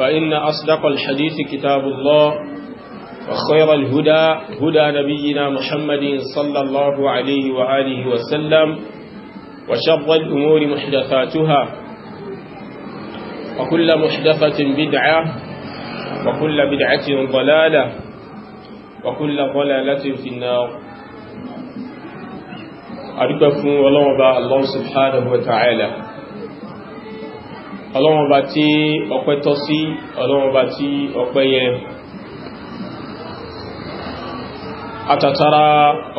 فإن أصدق الحديث كتاب الله وخير الهدى هدى نبينا محمد صلى الله عليه وآله وسلم وشر الأمور محدثاتها وكل محدثة بدعة وكل بدعة ضلالة وكل ضلالة في النار أرجو فون الله سبحانه وتعالى ọlọ́run ọba tí ọpẹ́ tọ́ sí ọlọ́run ọba tí ọpẹ́ yẹ àtàtàrà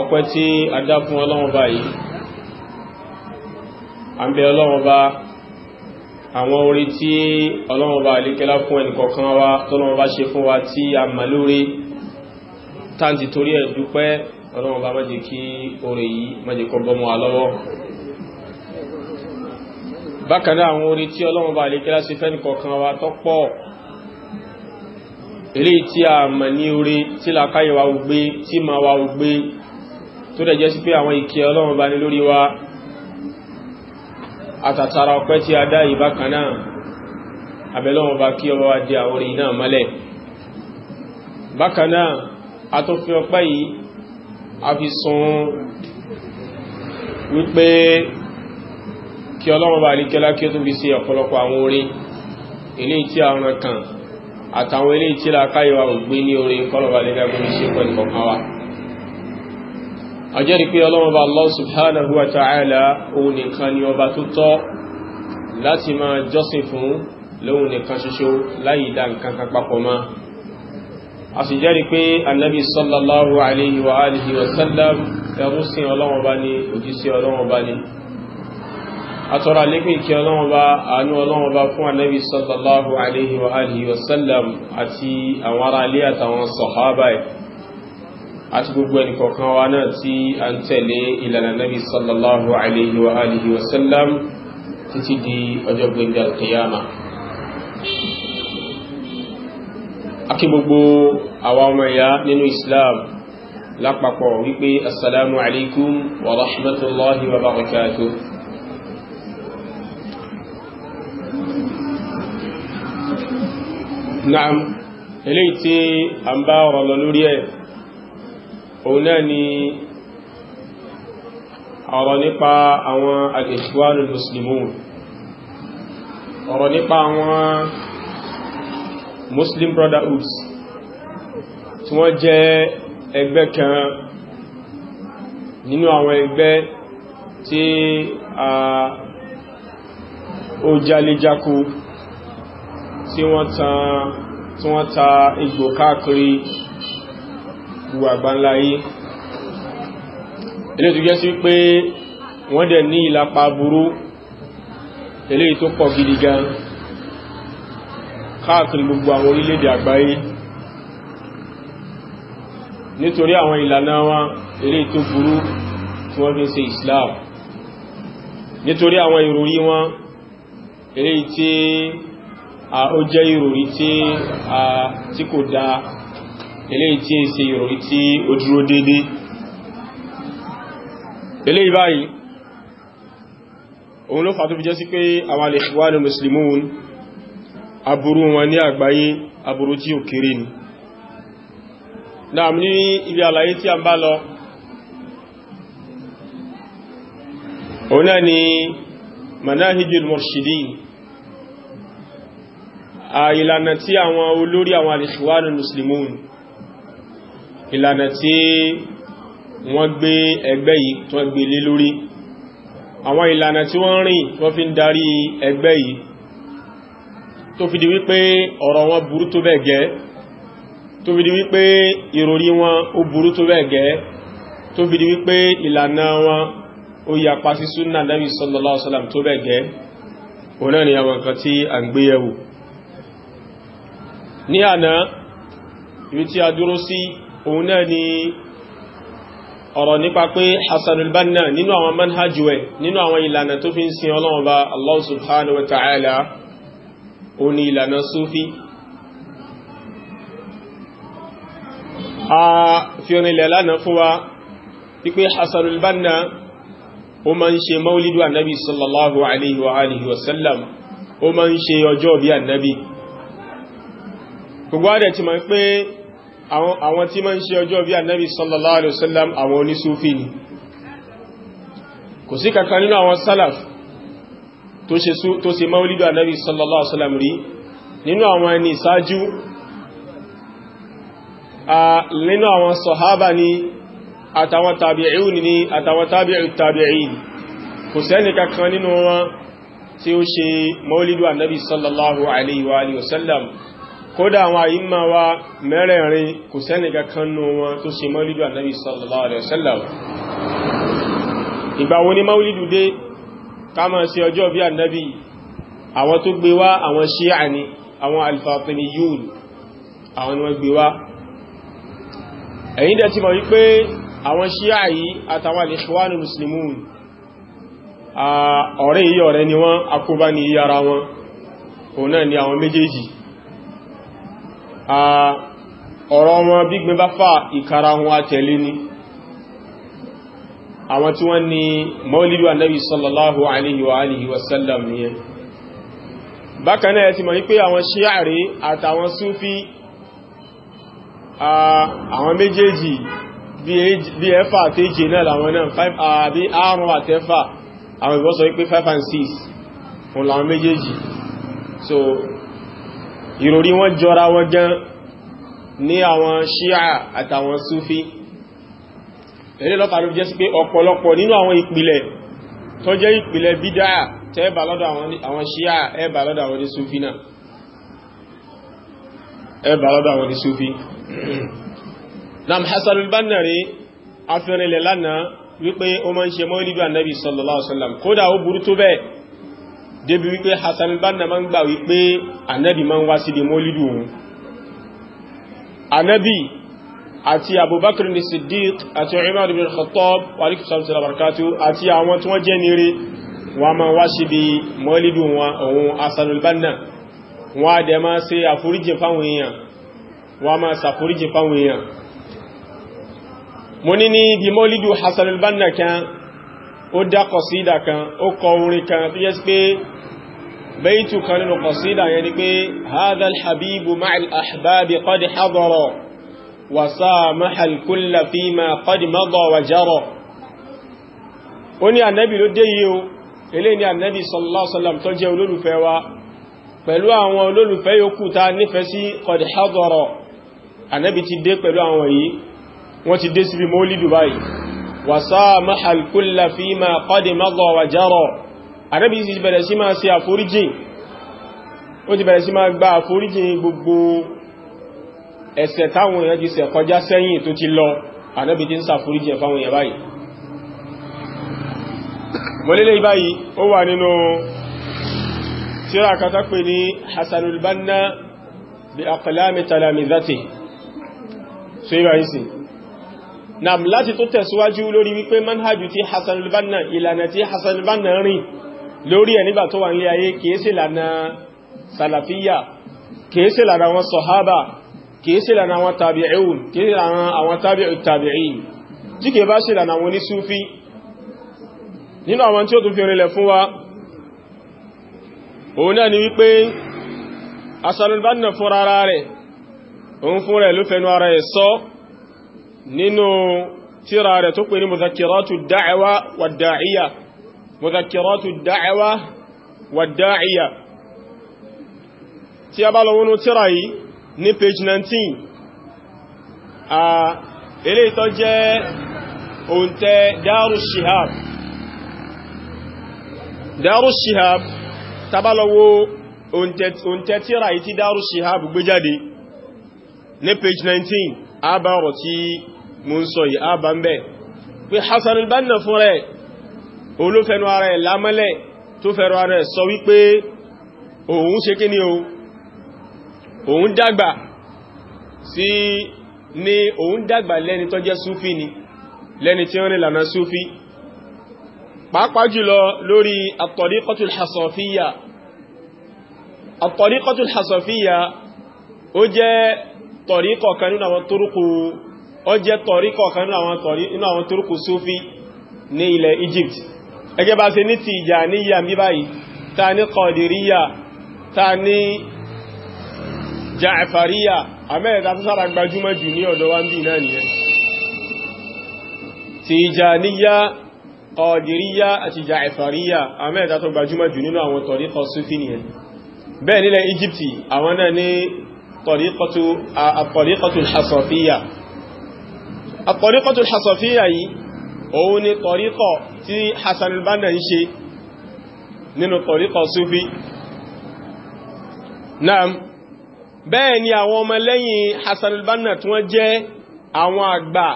ọpẹ́ tí a dá fún ọlọ́run ọba yìí a ń bẹ ọlọ́run ọba àwọn orí tí ọlọ́run ọba àlékẹ́lá fún ẹnìkọ̀ọ̀kan wa tọ́lọ́run ọba ṣe fún wa tí a mà lórí táǹtì torí ẹ̀ ọlọ́run ọba má orí yìí má jẹ́ wa lọ́wọ́ bákan náà àwọn orí tí ọlọ́run bá lè kí láti fẹ́ nìkọ̀ọ̀kan wa tó pọ̀ ilé tí a mọ̀ ní orí tí làkáyẹ̀ wa gbé tí ma wa gbé tó dẹ̀ jẹ́ sí pé àwọn ìkẹ́ ọlọ́run bá ní lórí wa àtàtàrà ọpẹ́ tí a dá ìbákan náà abẹ́lọ́run bá kí ọba wa di àwọn orí mọ́lẹ̀ wípé kí ọlọ́run bá ní kẹ́lá kí ó tún fi ṣe ọ̀pọ̀lọpọ̀ àwọn orí ilé tí a ràn kàn àtàwọn ilé tí a káyọwà ògbé ní orí kọ́lọ̀bà ní gbogbo ṣe pẹ̀lú kọ̀kan wa a jẹ́rìí pé ọlọ́run bá Allah subhanahu wa ta'ala òun nìkan ni ọba tó tọ́ láti máa jọ́sìn fún lóhun nìkan ṣoṣo láì dá nǹkan kan papọ̀ mọ́ a sì jẹ́rìí pé annabi sallallahu alaihi wa alihi wa sallam ẹrú sí ọlọ́run bá ní òjíṣẹ́ ọlọ́run bá ní atọ́ra lékún ìkẹ́ ọlọ́wọ́ bá àánú ọlọ́wọ́ bá fún ànábì sallallahu alaihi wa alihi wasallam àti àwọn ará ilé àtàwọn sọ̀hábà ẹ̀ àti gbogbo ẹni kọ̀ọ̀kan wa náà tí a ń tẹ̀lé ìlànà ànábì sallallahu alaihi wa alihi wasallam títí di ọjọ́ gbẹ̀gbẹ̀ alkiyama akí gbogbo wa rahmatullahi wa barakatuh naam eléyìí tí a ń bá ọ̀rọ̀ lọ lórí ẹ̀ òun náà ni ọ̀rọ̀ nípa àwọn al-ikhwanul muslimun ọ̀rọ̀ nípa àwọn muslim brotherhoods tí wọ́n jẹ́ ẹgbẹ́ kan nínú àwọn ẹgbẹ́ tí a ó jálé jákó tí wọ́n ta igbó káàkiri gbogbo àgbáńlá yìí ilé tó jẹ́ sí pé wọ́n dẹ̀ ní ìlàpá burú ilé tó pọ̀ gidi gan káàkiri gbogbo àwọn orílẹ̀-èdè àgbáyé nítorí àwọn ìlànà wọn ilé tó burú tí wọ́n fi ṣe Islam nítorí àwọn ìròrí wọn ilé tí ó jẹ́ ìròrí tí kò dá eléyìí tí è ṣe ìròrí tí ó dúró dédé eléyìí báyìí òun ló fà tó fi jẹ́ sí pé àwọn al-Ikhwan al-Muslimun aburú wọn ní àgbáyé aburú tí ò kéré ni náà ní ibi àlàyé tí a ni manahijul murshidin ìlànà tí àwọn olórí àwọn al-Ikhwan al-Muslimun ìlànà tí wọ́n gbé ẹgbẹ́ yìí tó gbé lé lórí àwọn ìlànà tí wọ́n rìn tó fi ń darí ẹgbẹ́ yìí tó fi di wípé ọ̀rọ̀ wọn burú tó bẹ́ẹ̀ gẹ́ tó fi di wípé ìròrí wọn ó burú tó bẹ́ẹ̀ gẹ́ tó fi di wípé ìlànà wọn ó yapa sí súnnà Nabi sallallahu alaihi tó bẹ́ẹ̀ gẹ́ òun náà ni àwọn nǹkan tí à ń gbé yẹ̀wò ní àná ibi tí a dúró sí òun náà ni ọ̀rọ̀ nípa pé Hassanul Banna nínú àwọn manhajú ẹ̀ nínú àwọn ìlànà tó fi ń sin Ọlọ́run bá Allah subhanahu wa ta'ala òun ni ìlànà Súfí a fi rinlẹ̀ lánàá fún wa wípé Hassanul Banna ma ń ṣe maulidu annabi sallallahu alaihi wa alihi wasallam ma ń ṣe ọjọ́ bí annabi gbogbo adẹ̀ ti ma ń pé àwọn tí ma ń ṣe ọjọ́ bí annabi sallallahu alaihi wasallam àwọn onísúfí ni kò sí kankan nínú àwọn salaf tó ṣe maulidu annabi sallallahu alaihi wasallam rí nínú àwọn ẹni sọ̀hábà ni àtàwọn tàbí'un ni àtàwọn tàbí'u tàbí'in kò sẹ́ni kankan nínú wọn tí ó ṣe maulidu annabi sallallahu alaihi wasallam kódà àwọn àyíma wa mẹ́rẹ̀ẹ̀rin kò sẹ́nìkà kanú wọn tó ṣe mọ́lídù ànábì sallallahu alaihi wasallam ìgbà wo ni mọ́lídù dé ká máa ṣe ọjọ́ bí ànábì àwọn tó gbé wá àwọn ṣíà ni àwọn al-Fatimiyun àwọn ni wọ́n gbé wá ẹ̀yin dẹ̀ ti mọ̀ wípé àwọn ṣíà yìí àtàwọn al-Ikhwanul Muslimun ọ̀rẹ́ yìí ọ̀rẹ́ ni wọ́n akóbá ni iyára wọn òun náà ni àwọn méjèèjì ọ̀rọ̀ wọn gbígbẹ́ bá fà ìkara wọn àtẹ̀lé ni àwọn tí wọ́n ni maulidu annabi sallallahu alaihi wa alihi wasallam ni yẹn bákan náà ti mọ̀ ní pé àwọn ṣíàrí àtàwọn súfí àwọn méjèèjì bí ẹfà àtẹ́jì náà làwọn náà bí àrùn àtẹ́fà àwọn ìbọ́sọ̀ wípé 5 and 6 fún làwọn so ìròrí wọn jọra wọn gan ní àwọn ṣíà àtàwọn súfí ẹ̀rẹ́ lọ́ta ló jẹ́ sí pé ọ̀pọ̀lọpọ̀ nínú àwọn ìpìlẹ̀ tó jẹ́ ìpìlẹ̀ bídá tẹ́ẹ̀bà lọ́dọ̀ àwọn ṣíà ẹ̀bà lọ́dọ̀ àwọn ní súfí náà ẹ̀bà lọ́dọ̀ àwọn ní súfí nam Hasan al-Banna afẹ́rinlẹ̀ lánàá wípé ó máa ń ṣe mọ́ débi wípé Hassan al-Banna ma ń gbà wípé Ànábì ma ń wá sí di mọ́lídù òun Ànábì àti Abubakar ní Siddiq àti Umar ibn Khattab wàlíkù sàmsàlá barakatu àti àwọn tí wọ́n jẹ́ nire wọ́n ma wá sí di mọ́lídù òun Hassan al-Banna wọ́n adẹ ma ṣe àforíjì fáwọn èèyàn wọ́n ma ṣàforíjì fáwọn èèyàn Hassan al-Banna ó dá kọ̀sídà kan ó kọ orin kan tó yẹ́ sí pé bẹ́ẹ̀tù kan nínú kọ̀sídà yẹn ni pé hadhal habibu ma'al ahbabi qad hadara wa samaha al-kulla fima qad madha wa jara ó ní ànábì ló dé yìí o eléyìí ni ànábì sallallahu alaihi wasallam ti dé pẹ̀lú àwọn mọ́lì dubai وسامح الكل فيما قد مضى وجرى Ànábì sì bẹ̀rẹ̀ sí máa ṣe àforíjìn ó ti bẹ̀rẹ̀ sí máa gba àforíjìn gbogbo ẹ̀ṣẹ̀ táwọn èèyàn ti ṣẹ̀ kọjá sẹ́yìn tó ti lọ Ànábì ti ń ṣàforíjìn fáwọn èèyàn báyìí nam láti tó tẹ̀síwájú lórí wípé manhajù tí Hassan al-Banna ìlànà tí Hassan al-Banna rìn lórí ẹ̀ nígbà tó wà nílé ayé kìí sí lànà salafiyya kìí sí lànà àwọn sọ̀hábà kìí sí lànà àwọn tabi'un kìí sí lànà àwọn tabi'u tabi'in tí kìí bá sí lànà àwọn onísúfí nínú àwọn tí ó tún fi rinlẹ̀ fún wa òun náà ni wípé Hassan al-Banna fúnra rẹ̀ òun fúnra ẹ̀ ló fẹnu ara ẹ̀ sọ́ nínú tíra rẹ̀ tó pè ní mọ̀zàkìrátù dáẹwà wàdáìyà mọ̀zàkìrátù dáẹwà wàdáìyà tí a bá lọ wọnú tíra yìí ní page 19 a ilé ìtọ́ jẹ́ òǹtẹ dáàrù shihab dáàrù shihab tabalọ́wọ́ òǹtẹ tíra yìí tí dáàrù shihab gbé jáde ní page 19 a bá mú ń sọ yìí ábà ń bẹ̀ pé Hassan al-Banna fún rẹ̀ olófẹ́nu ara ẹ̀ lámọ́lẹ̀ tó fẹ́rọ ara ẹ̀ sọ wípé òun ṣe kí ni o òun dàgbà sí ni òun dàgbà lẹ́ni tó jẹ́ súfí ni lẹ́ni tí ó ní lànà súfí pàápàá jùlọ lórí at-tariqatul hasafiyya at ó jẹ́ tọ̀ríkọ̀ kan nínú àwọn tórókù ó jẹ́ tọ̀ríkọ̀ kan nínú àwọn tórùkù súfí ní ilẹ̀ Egypt ẹgẹ́ bá ṣe ní ti ìjà ní yà mí báyìí ta ní kọ̀dìríyà ta ní jàfàríyà amẹ́ẹ̀ta tó sára gbajúmọ̀ jù ní ọ̀dọ̀ wa ń bí náà nìyẹn ti ìjà ní yà kọ̀dìríyà àti jàfàríyà amẹ́ẹ̀ta tó gbajúmọ̀ jù nínú àwọn tọ̀ríkọ̀ súfí nìyẹn àtọ̀ríkọ̀tul hasọ̀fíyà yìí òun ni tọ̀ríkọ̀ tí Hassan al-Banna ń ṣe nínú tọ̀ríkọ̀ Sufi naam bẹ́ẹ̀ ni àwọn ọmọ lẹ́yìn Hassan al-Banna tí wọ́n jẹ́ àwọn àgbà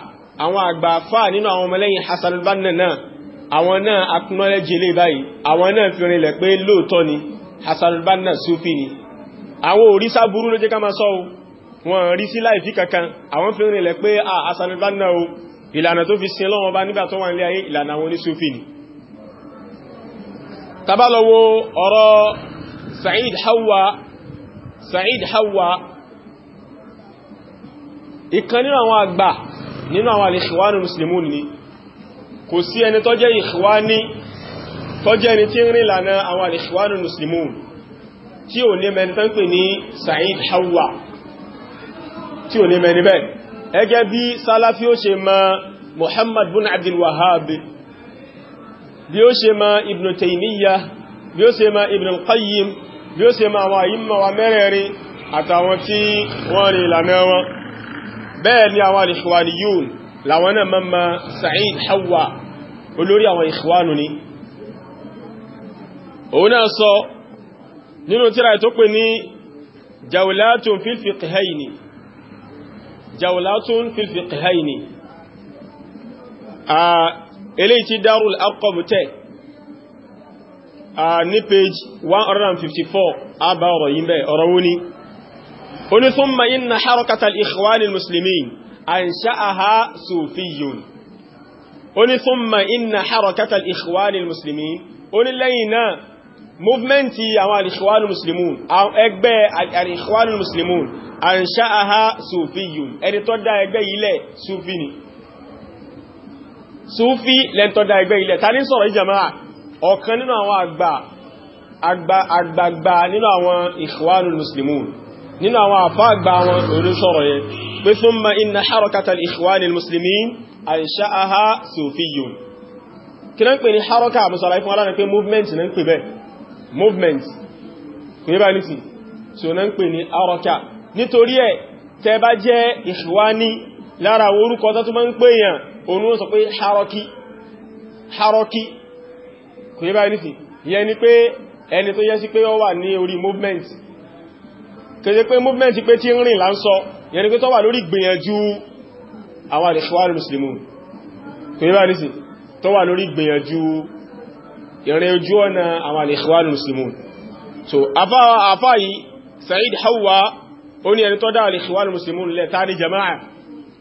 àwọn àgbà fà nínú àwọn ọmọ lẹ́yìn Hassan al-Banna náà àwọn náà akúnmọ́lẹ́jì lè báyìí àwọn náà fi rinlẹ̀ pé lóòtọ́ ni Hassan al-Banna Sufi ni àwọn òrìṣà burú ló jẹ́ ká máa sọ́wọ́ wọn rí sí láìfí kankan àwọn fi rìnlẹ̀ pé a ah, asanibánà o ìlànà tó fi sin lọ́wọ́ bá nígbà tó wà nílé ayé ìlànà àwọn oníṣúfì ni tabalọ́wọ́ ọ̀rọ̀ Sa'id Hawa Sa'id Hawa ìkan nínú àwọn àgbà nínú àwọn al-Ikhwanul Muslimun ni kò sí ẹni tó jẹ́ Ikhwani tó jẹ́ ẹni tí ń lànà àwọn al-Ikhwanul tí ò ní mẹ́rin pè ní Sa'id Hawa tí ò ní mẹ́ni bẹ́ẹ̀ ẹgẹ́ bí sálàfí ó ṣe ma Muhammad bin Abdul Wahhab bí ó ṣe ma Ibn Taymiyyah bí ó ṣe ma Ibn al-Qayyim bí ó ṣe ma àwọn àyíma wa mẹ́rẹ̀ẹ̀rin àtàwọn tí wọ́n rí ìlànà bẹ́ẹ̀ ni àwọn al-Ikhwaniyun làwọn náà ma ma Sa'id Hawa jawlatun fil fiqhayni eléyìí tí Darul Arqam tẹ́ ní page 154 àbá ọ̀rọ̀ yìí bẹ́ ọ̀rọ̀ wó ní ó ní thumma inna harakata al-ikhwanil muslimin ansha'aha sufiyyun ó ní thumma inna harakata al-ikhwanil muslimin ó lẹ́yìn náà movement àwọn al-Ikhwanul Muslimun ẹgbẹ́ al-Ikhwanul Muslimun ansha'aha Sufiyyun ẹni tó dá ẹgbẹ́ ilẹ̀ Sufi ni Sufi lẹ́n tó dá ẹgbẹ́ ilẹ̀ ta ní sọ̀rọ̀ ìjàmáà ọ̀kan nínú àwọn àgbà àgbàgbà nínú àwọn Ikhwanul Muslimun nínú àwọn àfáàgbà wọn olóṣọ́rọ̀ yẹn pé thumma inna harakata al-Ikhwanil Muslimin ansha'aha Sufiyyun kí náà ń pè ní haraka àmúsọ̀rọ̀ ìfún pé movement náà ń pè bẹ́ẹ̀ movement kò yẹ bá ní sí tí ó náà ń pè ní arọ́kà nítorí ẹ̀ tẹ́ bá jẹ́ ìṣwání lára orúkọ tó máa ń pè yàn onú sọ pé harọ́kí harọ́kí kò yẹ bá ní sí yẹ ni pé ẹni tó yẹ sí pé ó wà ní orí movement kèje pé movement pé tí ń rìn là yẹ ni pé tó wà lórí gbìyànjú àwọn ìṣwání muslimun kò yẹ bá ní sí tó wà lórí gbìyànjú ìrìn ojú ọ̀nà àwọn Muslimun so afá Sa'id hawa oni ni ní ẹni tó Muslimun lẹ́ tani ní jama'a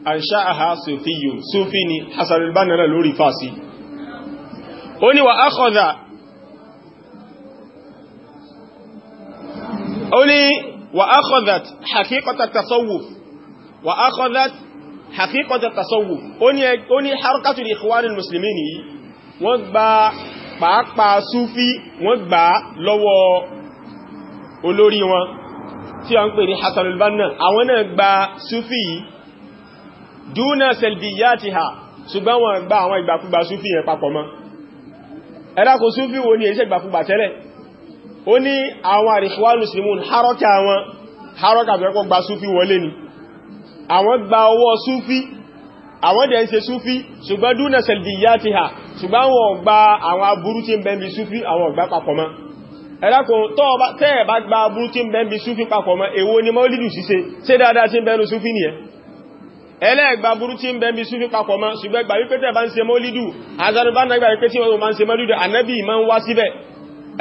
ansha'aha sufiyu sufi ni Hasan al-Banna náà fásí oni wa akhadha oni ní wa akhadhat haqiqata tasawuf wa akhadhat haqiqata tasawuf ó ní harakatul Ikhwanul Muslimin pàápàá súfí wọ́n gbà lọ́wọ́ olórí wọn tí a ń pè ní Hassan al-Banna àwọn náà gba súfí dúnà sẹ̀lbìyàtìhà ṣùgbọ́n wọ́n gba àwọn ìgbàkúgbà súfí yẹn papọ̀ mọ́ ẹ̀dàkùn súfí wo ni èṣẹ́ ìgbàkúgbà tẹ́lẹ̀ ó ní àwọn àríṣíwá muslimun àwọn dẹ̀ ń ṣe súfí ṣùgbọ́n dúnà salbiyatiha ṣùgbọ́n wọn gba àwọn aburú tí ń bẹ níbi súfí àwọn ọ̀gbá papọ̀ mọ́ ẹ̀lákùn tẹ́ẹ̀ bá gba aburú tí ń bẹ níbi súfí papọ̀ mọ́ èwo ni mọ́lìdù ṣíṣe ṣe dáadáa tí ń bẹnu súfí nìyẹn ẹlẹ́gbà burú tí ń bẹ níbi súfí papọ̀ mọ́ ṣùgbọ́n gbà wípé tẹ́ẹ̀ bá ń ṣe mọ́lìdù azanubana gbà wípé tí wọ́n máa ń ṣe mọ́lìdù ànábì máa ń wá síbẹ̀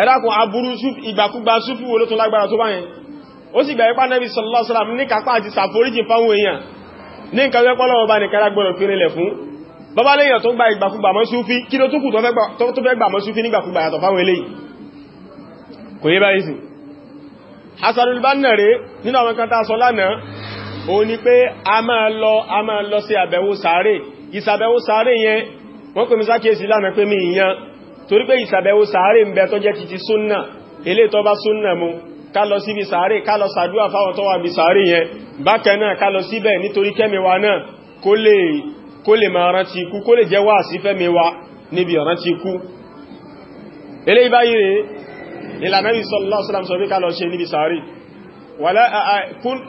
ẹ̀lákùn aburú ìgbàkúgbà súfí wo ló tó lágbára tó báyẹn ó sì gbà wípé ànábì sallallahu alaihi wasallam ní kápá àti ṣàforíjì fáwọn èèyàn ní nǹkan wẹ́pọ́lọ́wọ́ bá nìkan lágbọ́nà fi rinlẹ̀ fún bọ́bá lẹ́yìn tó gba ìgbàkúgbà mọ́ súfí kí ló túnkù tó fẹ́ gbà mọ́ súfí nígbàkúgbà yàtọ̀ fáwọn eléyìí kò yé báyìí sí Hasanul Banna rẹ̀ nínú àwọn kan tá sọ lánàá ó ní pé a máa mi ìyan torí pé ìsàbẹ̀wò sàárè ń bẹ tó jẹ́ titi mu ká lọ síbi sàárè ká lọ sàdúwà fáwọn tó wà bí sàárè yẹn bákan náà ká lọ síbẹ̀ nítorí kẹ́mẹ̀wà náà kó lè máa rántí ikú kó lè jẹ́ wà sí fẹ́mẹ̀wà níbi rántí ikú ilé ìbáyìí rẹ̀ ìlànà sallallahu alaihi wasallam sọ pé ká lọ ṣe níbi sàárè wala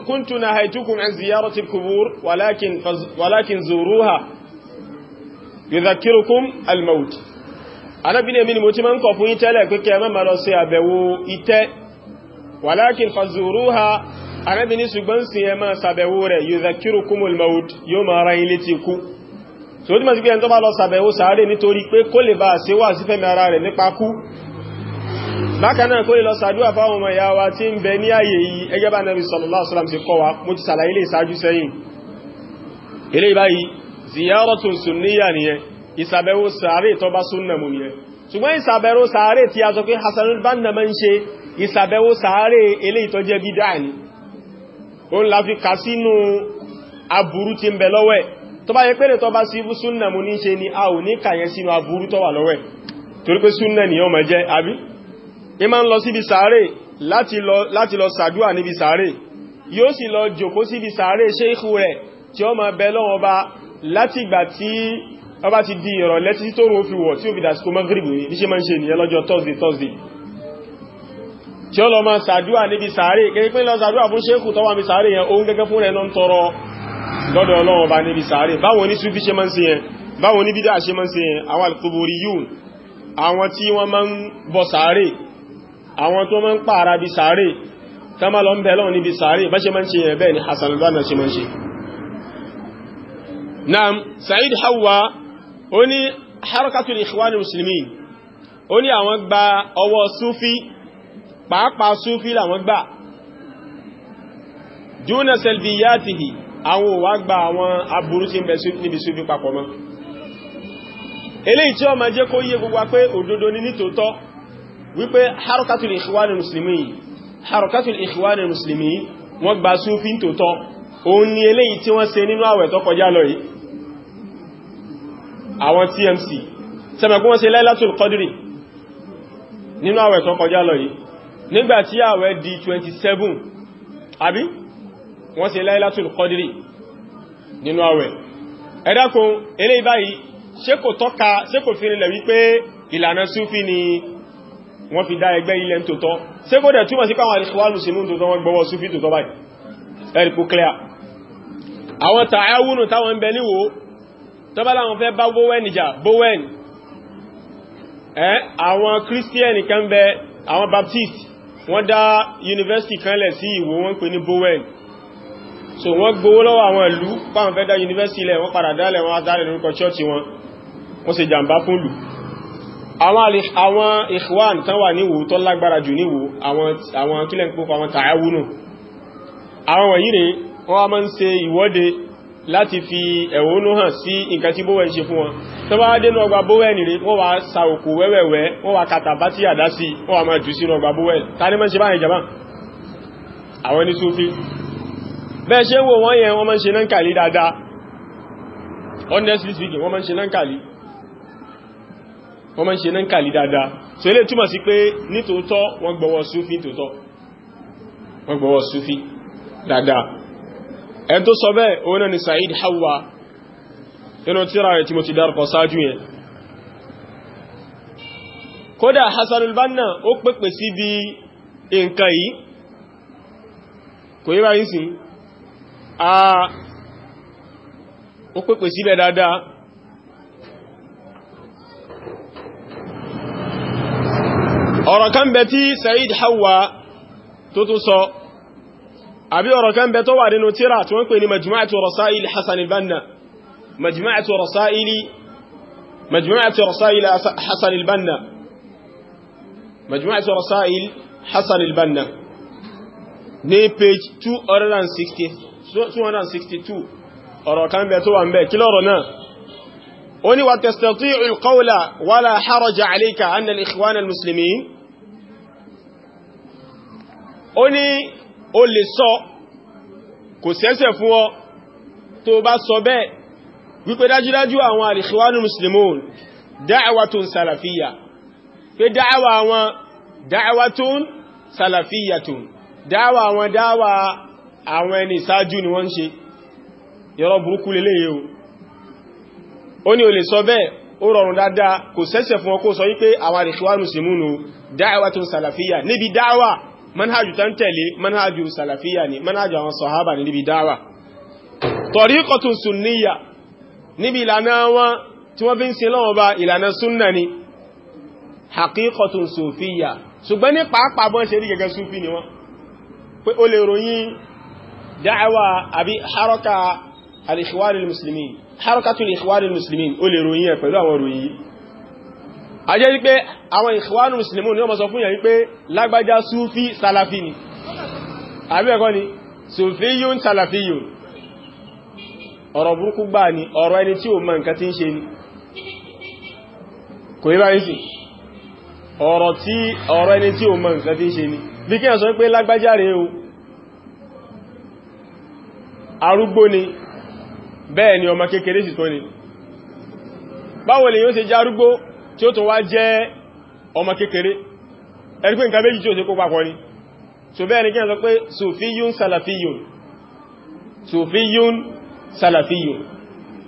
kuntu nahaytukum an ziyarati al-qubur walakin walakin fazuruha anábi ní ṣùgbọ́n sí ẹ máa sàbẹ̀wò rẹ̀ yudhakirukumul maut yóò máa ra ilé ti kú tí ó túnmọ̀ sí pé ẹn tó bá lọ sàbẹ̀wò sàárè nítorí pé kó lè bá ṣe wà sí fẹ́mi ara rẹ̀ nípa kú bákanáà kó lè lọ sàdúwà fáwọn ọmọ ìyá wa tí ń bẹ ní ààyè yìí ẹgẹ́ bá nàbí sallallahu alaihi wasallam ti kọ́ wa mo ti sàlàyé lè sáájú sẹ́yìn ilé ìbáyìí ziyaratun sunniya nìyẹn ìsàbẹ̀wò sàárè tó bá súnnà mú nìyẹn ṣùgbọ́n ìsàbẹ̀wò sàárè tí a sọ pé Hasan banna máa ń ṣe ìsàbẹ̀wò sàárè eléyìí tó jẹ́ bídá ní o ń láfi kà sínú aburú tí ń bẹ lọ́wẹ́ tó bá yẹ pé lè tó bá sí súnnà mú ní ṣe ni a ò ní kàyẹ sínú aburú tó wà lọ́wẹ́ torí pé súnnà ni ó máa jẹ́ àbí ẹ máa ń lọ síbi sàárè láti lọ láti lọ sàdúà níbi sàárè yóò sì lọ sàárè thursday thursday tí ó lọ máa sàdúà níbi sàárè kéré pín lọ sàdúà fún ṣékù tó wà níbi sàárè yẹn òun gẹ́gẹ́ fún rẹ̀ lọ ń tọrọ lọ́dọ̀ ọlọ́run ọba níbi sàárè báwọn ní súfí ṣe máa ń ṣe yẹn báwọn ní bídá ṣe máa ń ṣe yẹn àwọn tí wọ́n máa ń bọ sàárè Said Hawa ó ní harakatul ikhwanul muslimin ó ní àwọn gba ọwọ́ pàápàá súfí làwọn gbà dúnà sẹlbíyàtìhì àwọn òwà gba àwọn aburú tí ń bẹ níbi súfí papọ̀ mọ́ eléyìí tí ó máa jẹ́ kó yé gbogbo pé òdodo ní nítòótọ́ wípé harakatul ikhwan muslimi harakatul ikhwan muslimi wọ́n gba súfí nítòótọ́ ni eléyìí tí wọ́n ṣe TMC sẹ́mẹ̀kún wọ́n ṣe Lailatul Qadri nínú àwẹ̀ tó kọjá lọ yìí nígbàtí àwẹ̀ di 27 àbí wọ́n ṣe láìlátùl kọdìrì nínú àwẹ̀ ẹ̀dàkùn eléyìí báyìí ṣé kò tọ́ka ṣé kò fi rinlẹ̀ wípé ìlànà súfí ni wọ́n fi dá ẹgbẹ́ ilẹ̀ tòótọ́ ṣé kò dẹ̀ túmọ̀ sí pàwọn àríṣíwálù sínú tòótọ́ wọ́n gbọ́wọ́ súfí tòótọ́ báyìí ẹ̀rìkú clear àwọn tààwùnù táwọn ń bẹ níwò tọ́bálà wọn fẹ́ bá bowen ìjà bowen ẹ́ àwọn kírísítíẹ̀nì kan bẹ àwọn baptist wọ́n dá yunifásitì kanlẹ̀ sí Ìwó wọ́n pè ní Bowen so wọ́n gbowó lọ́wọ́ àwọn ìlú páwọn fẹ́ dá yunifásitì lẹ̀ wọ́n padà dálẹ̀ wọ́n dálẹ̀ lórúkọ chọ́ọ̀chì wọn wọ́n ṣe jàǹbá fún lù àwọn ikhwan tán wà níwò tó lágbára jù níwò àwọn kílẹ̀ ń pọ́pọ̀ àwọn tààwùnù àwọn wọ̀nyí rèé wọ́n a máa ń ìwọ́de láti fi ẹ̀hónú hàn sí nǹkan tí bówẹ̀ ń ṣe fún wọn tó bá dénú ọgbà bówẹ̀ nìrí wọ́n wá sa òkú wẹ́wẹ̀wẹ́ wọ́n wá kàtà bá tí àdá sí wọ́n wá máa jù sínú ọgbà bówẹ̀ ta ní mọ́ ṣe báyìí jama àwọn ní súfí bẹ́ẹ̀ ṣe wo wọ́n yẹn wọ́n máa ṣe nánkàlí ẹn tó sọ bẹ́ẹ̀ òun náà ni Sa'id Hawa nínú tíra rẹ̀ tí mo ti dárúkọ sáájú yẹn kódà Hassanul Banna ó pèpè sí bí nǹkan yìí kò yí báyìí sí a ó pèpè síbẹ̀ dáadáa ọ̀rọ̀ kan bẹ tí Sa'id Hawa tó tún sọ àbí ọ̀rọ̀ kan bẹ tó wà nínú tíra tí wọ́n pè ní majmu'atu rasaili Hasan al-Banna majmu'atu rasaili majmu'atu rasaili Hasan al-Banna majmu'atu rasaili Hasan al-Banna ní page 262 ọ̀rọ̀ kan bẹ tó wà ń bẹ kí lọ́rọ̀ náà ó ní wa tastati'u al-qawla wala haraja alayka anna al-ikhwana ó lè sọ kò sẹ́sẹ̀ fún ọ tó bá sọ bẹ́ẹ̀ wípé dájúdájú àwọn al-Ikhwanul Muslimun da'watun salafiyya pé dáwà àwọn da'watun salafiyyatun dáwà àwọn dáwà àwọn ẹni ìsáájú ni wọ́n ṣe yọrọ burúkú lélẹ́yẹ o ó ní o lè manhajù tán tẹ̀lé manhajù sàlàfíyà ni manhajù àwọn sọ̀hábà ni níbi dáwà tọ̀ríkọ̀tún sunniya níbi ìlànà wọn tí wọ́n fi ń ṣe lọ́wọ́ bá ìlànà súnnà ni hakíkọ̀tún sùfíyà ṣùgbọ́n ní pàápàá bọ́n ṣe rí gẹ́gẹ́ súfí ni wọ́n pé o lè ròyìn dáẹwà àbí a jẹ́ wípé àwọn ìkwánù muslimun ni wọ́n ma sọ fún yà wípé lágbájá súfí sálàfí ni àbí ẹ̀kọ́ ni sùfíyún sálàfíyún ọ̀rọ̀ burúkú gbà ní ọ̀rọ̀ ẹni tí ó mọ̀ nǹkan tí ń ṣe ni kò yí báyìí sí ọ̀rọ̀ tí ọ̀rọ̀ ẹni tí ó mọ̀ nǹkan tí ń ṣe ni bí kí báwo lè yóò ṣe jẹ́ arúgbó tí ó tó wá jẹ́ ọmọ kékeré ẹ̀rí pé nǹkan méjì tí ó ṣe kó papọ̀ ni so bẹ́ẹ̀ ni kí n sọ pé sufiyun salafiyun sufiyun salafiyun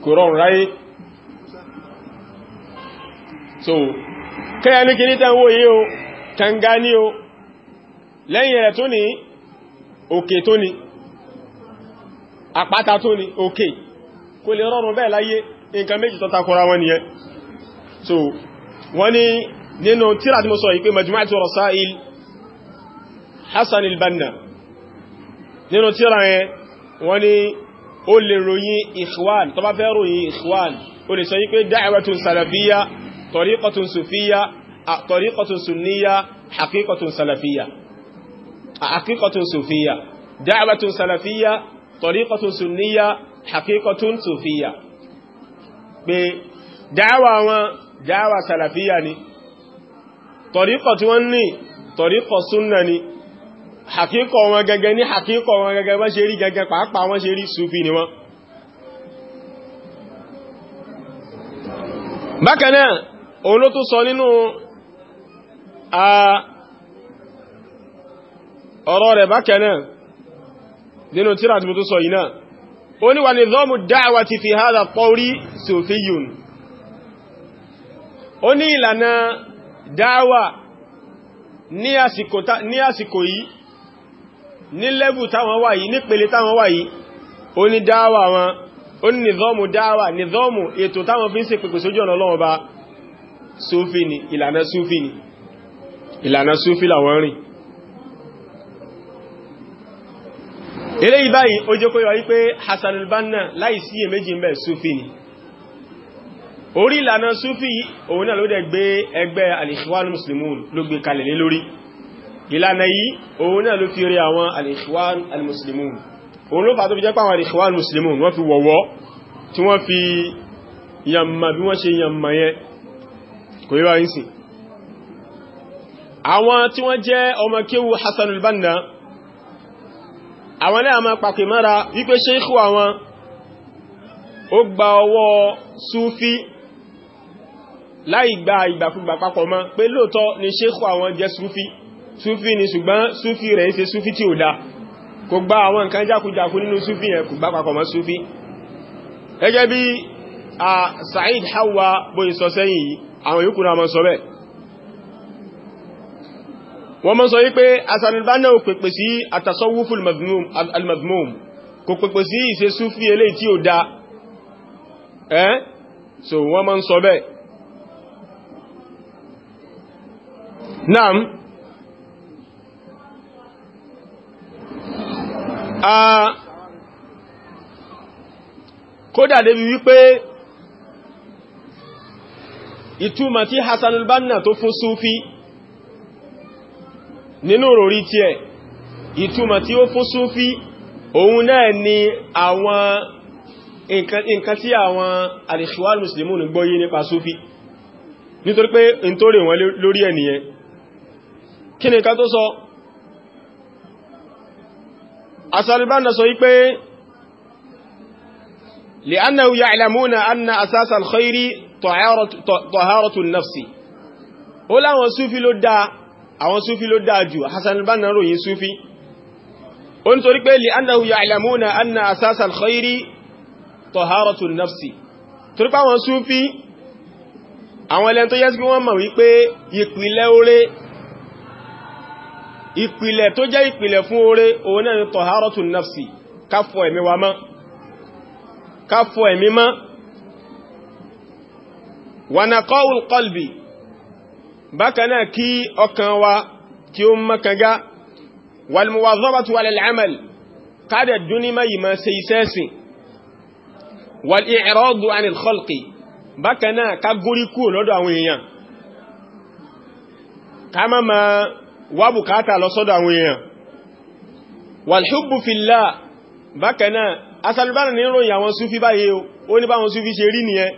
kò rọrùn ráyé so kẹ́yà ní kìí tán wó yí o kànga ní o lẹ́yìn rẹ̀ tó ní òkè tó ní àpáta tó ní òkè kò lè rọrùn bẹ́ẹ̀ láyé nǹkan méjì tó wọn nìyẹn so wọ́n ní nínú tíra tí mo sọ ìpé majmu'atu rasail Hassan al-Banna nínú tíra yẹn wọ́n ní ó lè ròyìn ikhwan tó bá fẹ́ ròyìn ikhwan ó lè sọ wípé da'watun salafiyya tariqatun sufiyya tariqatun sunniyya haqiqatun salafiyya haqiqatun sufiyya da'watun salafiyya wọn dáwà sàlàfíyà ni tọ̀ríkọ̀ tí wọ́n ní tọ̀ríkọ̀ súnnà ni hakíkọ̀ wọn gẹ́gẹ́ ní hakíkọ̀ wọn gẹ́gẹ́ wọ́n ṣe rí gẹ́gẹ́ pàápàá wọ́n ṣe rí súfì ni wọ́n bákanáà òun ló tún sọ nínú ọ̀rọ̀ rẹ̀ bákanáà nínú tíra sọ yìí náà ó ní wà ní zọ́mù dáwà ti fi hádà pọ́rí sùfíyùn ó ní ìlànà dáwà ní àsìkò yìí ní lẹ́bù táwọn wà yìí nípele táwọn wà yìí ó ní dáwà wọn ó ní nìzọ́mù dáwà nìzọ́mù ètò táwọn fi ń ṣe pèpè sójú ọ̀nà Ọlọ́run bá súfì ni ìlànà súfì ni ìlànà súfì làwọn rìn eléyìí báyìí ó jẹ́ kó yọ wípé Hassan al-Banna láìsí èméjì ń bẹ súfì ni orí ìlànà súfì òun náà ló dẹ̀ gbé ẹgbẹ́ al-Ikhwanul Muslimun ló gbé kalẹ̀ lé lórí ìlànà yìí òun náà ló fi rí àwọn al-Ikhwan al-Muslimun òun ló fà tó fi jẹ́ pàwọn al-Ikhwan al-Muslimun wọ́n fi wọ̀wọ́ tí wọ́n fi yàmà bí wọ́n ṣe yàmà yẹn kò yíwa yìí àwọn tí wọ́n jẹ́ ọmọ kéwú Hassan al-Banna àwọn náà máa pàpè mọ́ra wípé ṣe ikú àwọn ó gba ọwọ́ súfí láì gba ìgbàkúgbà papọ̀ mọ́ pé lóòtọ́ ni ṣékù àwọn jẹ́ súfí súfí ni ṣùgbọ́n súfí rẹ̀ ń ṣe súfí tí ò dá kò gba àwọn nǹkan jákújákú nínú súfí yẹn kò gbá papọ̀ mọ́ súfí gẹ́gẹ́ bí a Said Hawa bóyí sọ sẹ́yìn yìí àwọn yòókù náà mọ́ sọ bẹ́ẹ̀ wọ́n mọ́ sọ wípé asanibana ò pèpè sí atasọ́wúfù al-madhmum kò pèpè sí ìṣe súfí eléyìí tí ò so wọ́n mọ́ sọ bẹ́ẹ̀ naam ah kódà débi wípé ìtumọ̀ tí Hassanul Banna tó fún Súfí nínú ròrí tí ẹ̀ ìtumọ̀ tí ó fún Súfí òun náà ni àwọn nǹkan tí àwọn al-Ikhwan al-Muslimun gbọ́yé nípa Súfí nítorí pé ń tó lórí ẹ̀ nìyẹn kí ni ká tó sọ asalibanna sọ wípé li'annahu ya'lamuna anna asasa alkhairi taharatu nafsi ó láwọn súfí ló dáa àwọn súfí ló dáa jù hasanibanna ròyìn súfí ó ń torí pé li'annahu ya'lamuna anna asasa alkhairi taharatu nafsi torí pé àwọn súfí àwọn ẹlẹ́n tó yẹ́ sí wọ́n mọ̀ wípé ìpìlẹ̀ oore ìpìlẹ̀ tó jẹ́ ìpìlẹ̀ fún oore òun náà ni tọ̀hárọ̀tù nafsi káfọ ẹ̀mí wa mọ́ káfọ ẹ̀mí mọ́ wànàkọ́wùl kọlbì bákanáà kí ọkàn wa kí ó mọ́kànga wàlmùwàzọ́bàtù wàlẹ̀lẹ́mẹ̀l kádẹ̀ dúnímọ̀ yìí mọ́ sí iṣẹ́sìn wàlì'ẹ̀rọ́dù anil wá bùkátà lọ sọ́dọ̀ àwọn èèyàn wàlhùbù fìlá bákanáà asalubára ní ròyìn àwọn súfí báyìí ó ní báwọn súfí ṣe rí nìyẹn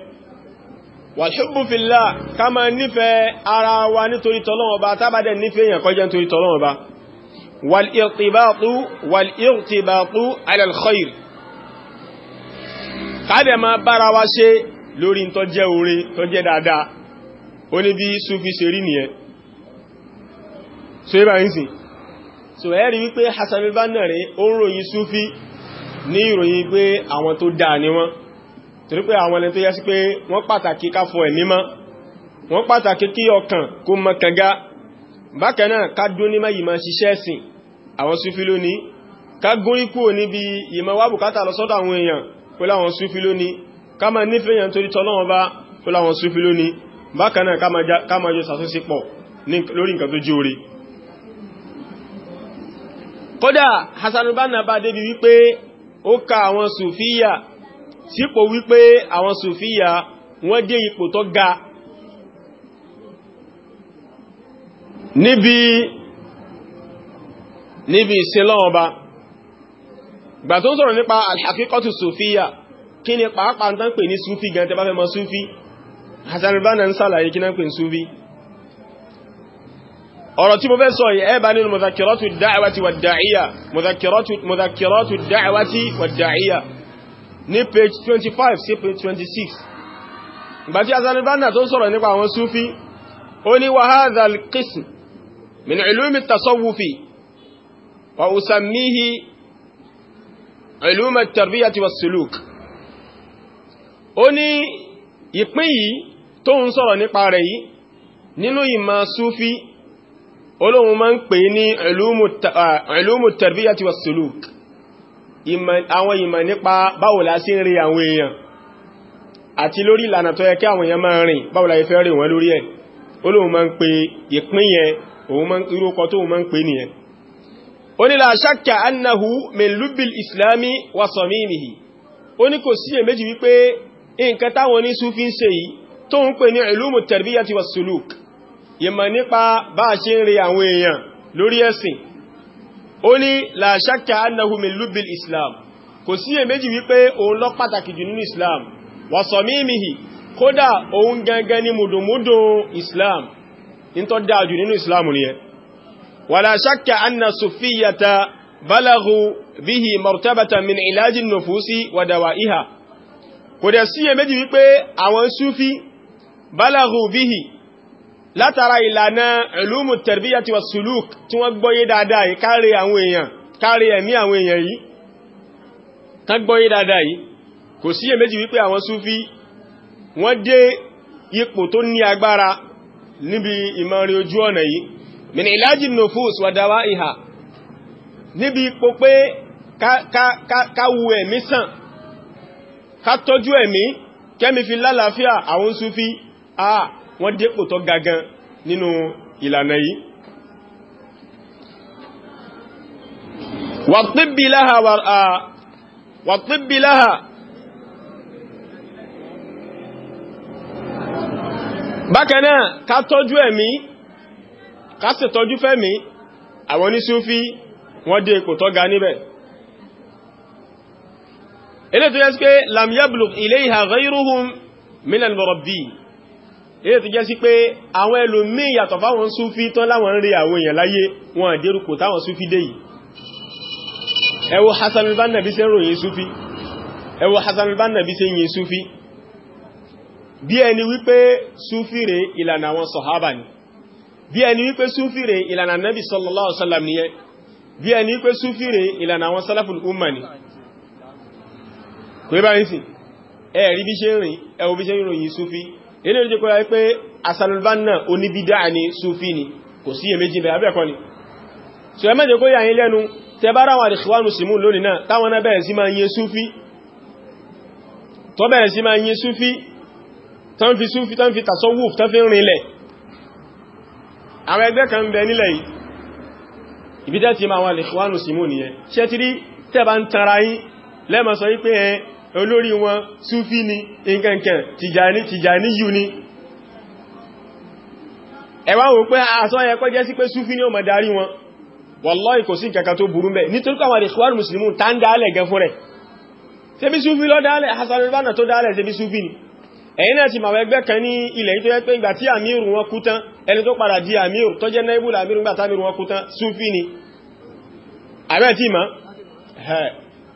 wàlhùbù fìlá ká ma nífẹ̀ẹ́ ara wa nítorí tọ́lọ́wọ́ba tábàdẹ̀ nífẹ̀ẹ́ èèyàn kọjá nítorí tọ́lọ́wọ́ba wàlìrtìbàtú wàlìrtìbàtú ala al-khair káàdẹ̀ ní bí súfí ṣe rí nìyẹn so yíba yìí sí so ẹ̀rí wípé Hasan al-Banna ó ń ròyìn súfí ní ìròyìn pé àwọn tó dáa ni wọ́n torí pé àwọn ẹni tó yẹ sí pé wọ́n pàtàkì ká fọ ẹ̀mí mọ́ wọ́n pàtàkì kí ọkàn kó mọ́ kànga bákan náà ká dún ní má yìí máa ṣiṣẹ́ ẹ̀sìn àwọn súfí lónìí ká gúnrí kúrò níbi ìmọ̀ wá bùkátà lọ sọ́dọ̀ àwọn èèyàn pẹ̀lú àwọn súfí lónìí ká máa nífẹ̀ẹ́ èèyàn torí tọ́lọ́wọ́n bá pẹ̀lú àwọn súfí lónìí bákan ká máa jọ ṣàtúnṣe pọ̀ lórí nǹkan tó jí orí kódà Hassan Banna bá débi wípé ó ka àwọn sùfíyà sípò wípé àwọn sùfíyà wọ́n dé ipò tó ga níbi níbi ìsinlọ́ọba gbà tó ń sọ̀rọ̀ nípa al-haqiqatu sùfíyà kí ni pàápàá tán pè ní súfí gan tẹ́bá fẹ́ mọ̀ súfí ń sàlàyé kí náà pè ní súfí ọ̀rọ̀ tí mo fẹ́ sọ yìí ẹ̀bá nínú mọ̀zàkìrọ́tù dáàwàtí wà dáàíyà mọ̀zàkìrọ́tù dáàwàtí wà dáàíyà ní page 25 sí page 26 ìgbà tí azan banna tó sọ̀rọ̀ nípa àwọn súfí ó ní wa hadha al-qism min ilumi tasawufi wa usammihi ilumi tarbiyati wa ìpín yìí tó ń sọ̀rọ̀ nípa rẹ̀ yìí nínú ìmọ̀ súfí olóhun ma ń pè ní ẹ̀lúmù tẹ̀rbíyà ti wà sùlùk àwọn ìmọ̀ nípa báwo la ṣe ń rí àwọn èèyàn àti lórí ìlànà tó yẹ kí àwọn èèyàn máa rìn báwo la fẹ́ rí wọn lórí ẹ̀ olóhun ma ń pè ìpín yẹn irúkọ tó ma ń pè nìyẹn ó ní la ṣákà annahu ń pè ìmọ̀ nípa bá a ṣe ń rí àwọn èèyàn lórí ẹ̀sìn ó ní la shakka annahu min lubbil islam kò sí èméjì wípé òun lọ pàtàkì jù nínú islam wa samimihi kódà òun gangan ni mùdùmúdù islam ní tó nínú islam nìyẹn wa la shakka anna bihi martabatan min ilajin nufusi wa dawa'iha kò dẹ̀ sí èméjì wípé àwọn sufi balaghu bihi látara ìlànà ìlúmù tẹ̀rbíyà ti wà sùlúk tí wọ́n gbọ́yé dáadáa yìí kárí àwọn èèyàn kárí ẹ̀mí àwọn èèyàn yìí tán gbọ́yé dáadáa yìí kò síyè méjì wípé àwọn súfí wọ́n dé ipò tó ní agbára níbi ìmọ̀rin ojú ọ̀nà yìí min ìlàjì nufus wà ìhà níbi ipò pé káwù ẹ̀mí sàn ká tọ́jú ẹ̀mí kẹ́mi fi lálàáfíà àwọn súfí wọ́n dépò tó gagan nínú ìlànà yìí wàtíbí láha bákanáà ká tọ́jú ẹ̀mí ká sì tọ́jú fẹ́mí àwọn onísúfí wọ́n dé ipò tó ga níbẹ̀ ilé tó yẹ́ sí pé lam yablugh ilayha ghayruhum minal murabbi èyí tó jẹ́ sí pé àwọn ẹlòmí yàtọ̀ fáwọn súfí tán láwọn rí àwọn èèyàn láyé wọn àdérùpò táwọn súfí dé yìí ẹ wo Hassan al-Banna bí ń ròyìn súfí ẹ wo Hassan ń yin súfí bí ẹni wípé súfí rẹ̀ ìlànà àwọn sọ̀hábà ni bí ẹni wípé súfí rẹ̀ ìlànà Nabi sallallahu alaihi wasallam nìyẹn bí ẹni wípé súfí rẹ̀ ìlànà àwọn salaful umma ni kò ẹ ilé ìjẹ́ kọ́ya pé asalbanna oníbídá ni sufi ni kò sí èméjì bẹ̀ abẹ́ẹ̀kọ́ ni so ẹ mẹ́jẹ́ kọ́ya yìí lẹ́nu tẹ bá ráwọn àdìsíwánù símú lónìí náà táwọn náà bẹ̀rẹ̀ sí máa yẹ sufi tó bẹ̀rẹ̀ sí máa yẹ sufi tán fi sufi tán fi tasawuf tán fi rinlẹ̀ àwọn ẹgbẹ́ kan bẹ nílẹ̀ yìí ibi tẹ́ ti máa wọn olórí wọn súfí ni nkankan tìjàní tìjàní yìí ni ẹwà wò pé àṣọ yẹ kọ́ jẹ́ sí pé súfí ni ó máa darí wọn wallahi kò sí nkankan tó burú mẹ́ nítorí pé àwọn Ikhwan Muslimun tá ń dálẹ̀ gan fún rẹ̀ ṣebí súfí lọ dálẹ̀ Hasan al-Banna tó dálẹ̀ ṣebí súfí ni ẹ̀yìn náà ti màwọn ẹgbẹ́ kan ní ilẹ̀ yìí tó yẹ pé ìgbà tí àmírù wọn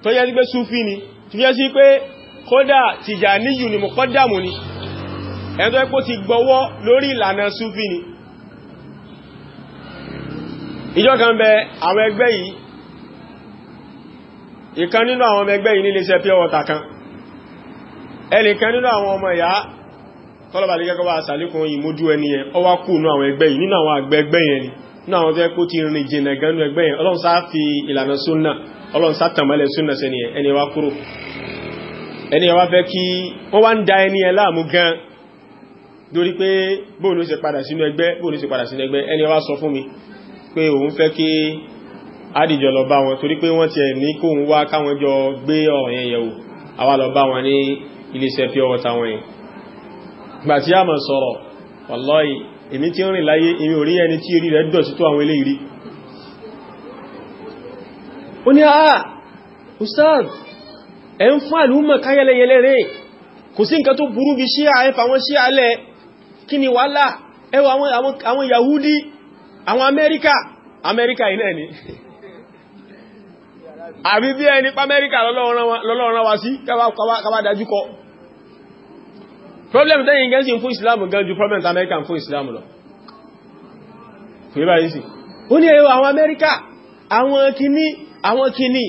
sí pé súfí ni tí fi ẹ́ sí pé kódà tìjàníyù ni mọ̀kọ́dàmù ni ẹni tó ẹ́pọ̀ ti gbọ́wọ́ lórí ìlànà súfì ni ìjọ kan bẹ àwọn ẹgbẹ́ yìí ìkan nínú àwọn ẹgbẹ́ yìí nílé iṣẹ́ pure water kan ẹnìkan nínú àwọn ọmọ ìyá tọ́lọ̀bà lè gẹ́gọ́ bá sàlékún ìmójú ẹni yẹn ó wá kú nínú àwọn ẹgbẹ́ yìí nínú àwọn àgbẹ̀ ẹgbẹ́ yẹn ni nínú àwọn tó ẹ́pọ̀ ti rìn jìnà gan ẹgbẹ́ yẹn ọlọ́run sáà fi ìlànà súnnà ọlọ́run sátàmọ́lẹ̀ súnà sẹ́ni ẹ̀ ẹni wá kúrò ẹni wá fẹ́ kí wọ́n wá ń da ẹni ẹ láàmú gan lórí pé bóòlù ṣe padà sínú ẹgbẹ́ bóòlù ṣe padà sínú ẹgbẹ́ ẹni wá sọ fún mi pé òun fẹ́ kí àdìjọ lọ bá wọn torí pé wọ́n ti ẹ̀ ní kóun wá káwọn jọ gbé ọ̀rọ̀ yẹn yẹ̀wò àwa lọ bá wọn ní iléeṣẹ́ ó ní àà ah, ustaz ẹ ń fún àlúmọ̀ káyẹlẹyẹlẹ rẹ̀ kò sí nǹkan tó burú bí ṣíà ẹ fà wọn ṣíà lẹ̀ kí ni wàhálà ẹ wo àwọn yahudi àwọn amẹ́ríkà amẹ́ríkà iná ni àbí bí ẹni pàmẹ́ríkà lọ́lọ́run wa sí káwà dájú kọ problem tẹ́yìn gẹ́sì fún islam gan ju problem amẹ́ríkà fún islam lọ fún ibáyìí sí ó ní ẹ̀yọ àwọn amẹ́ríkà àwọn kìíní àwọn kìíní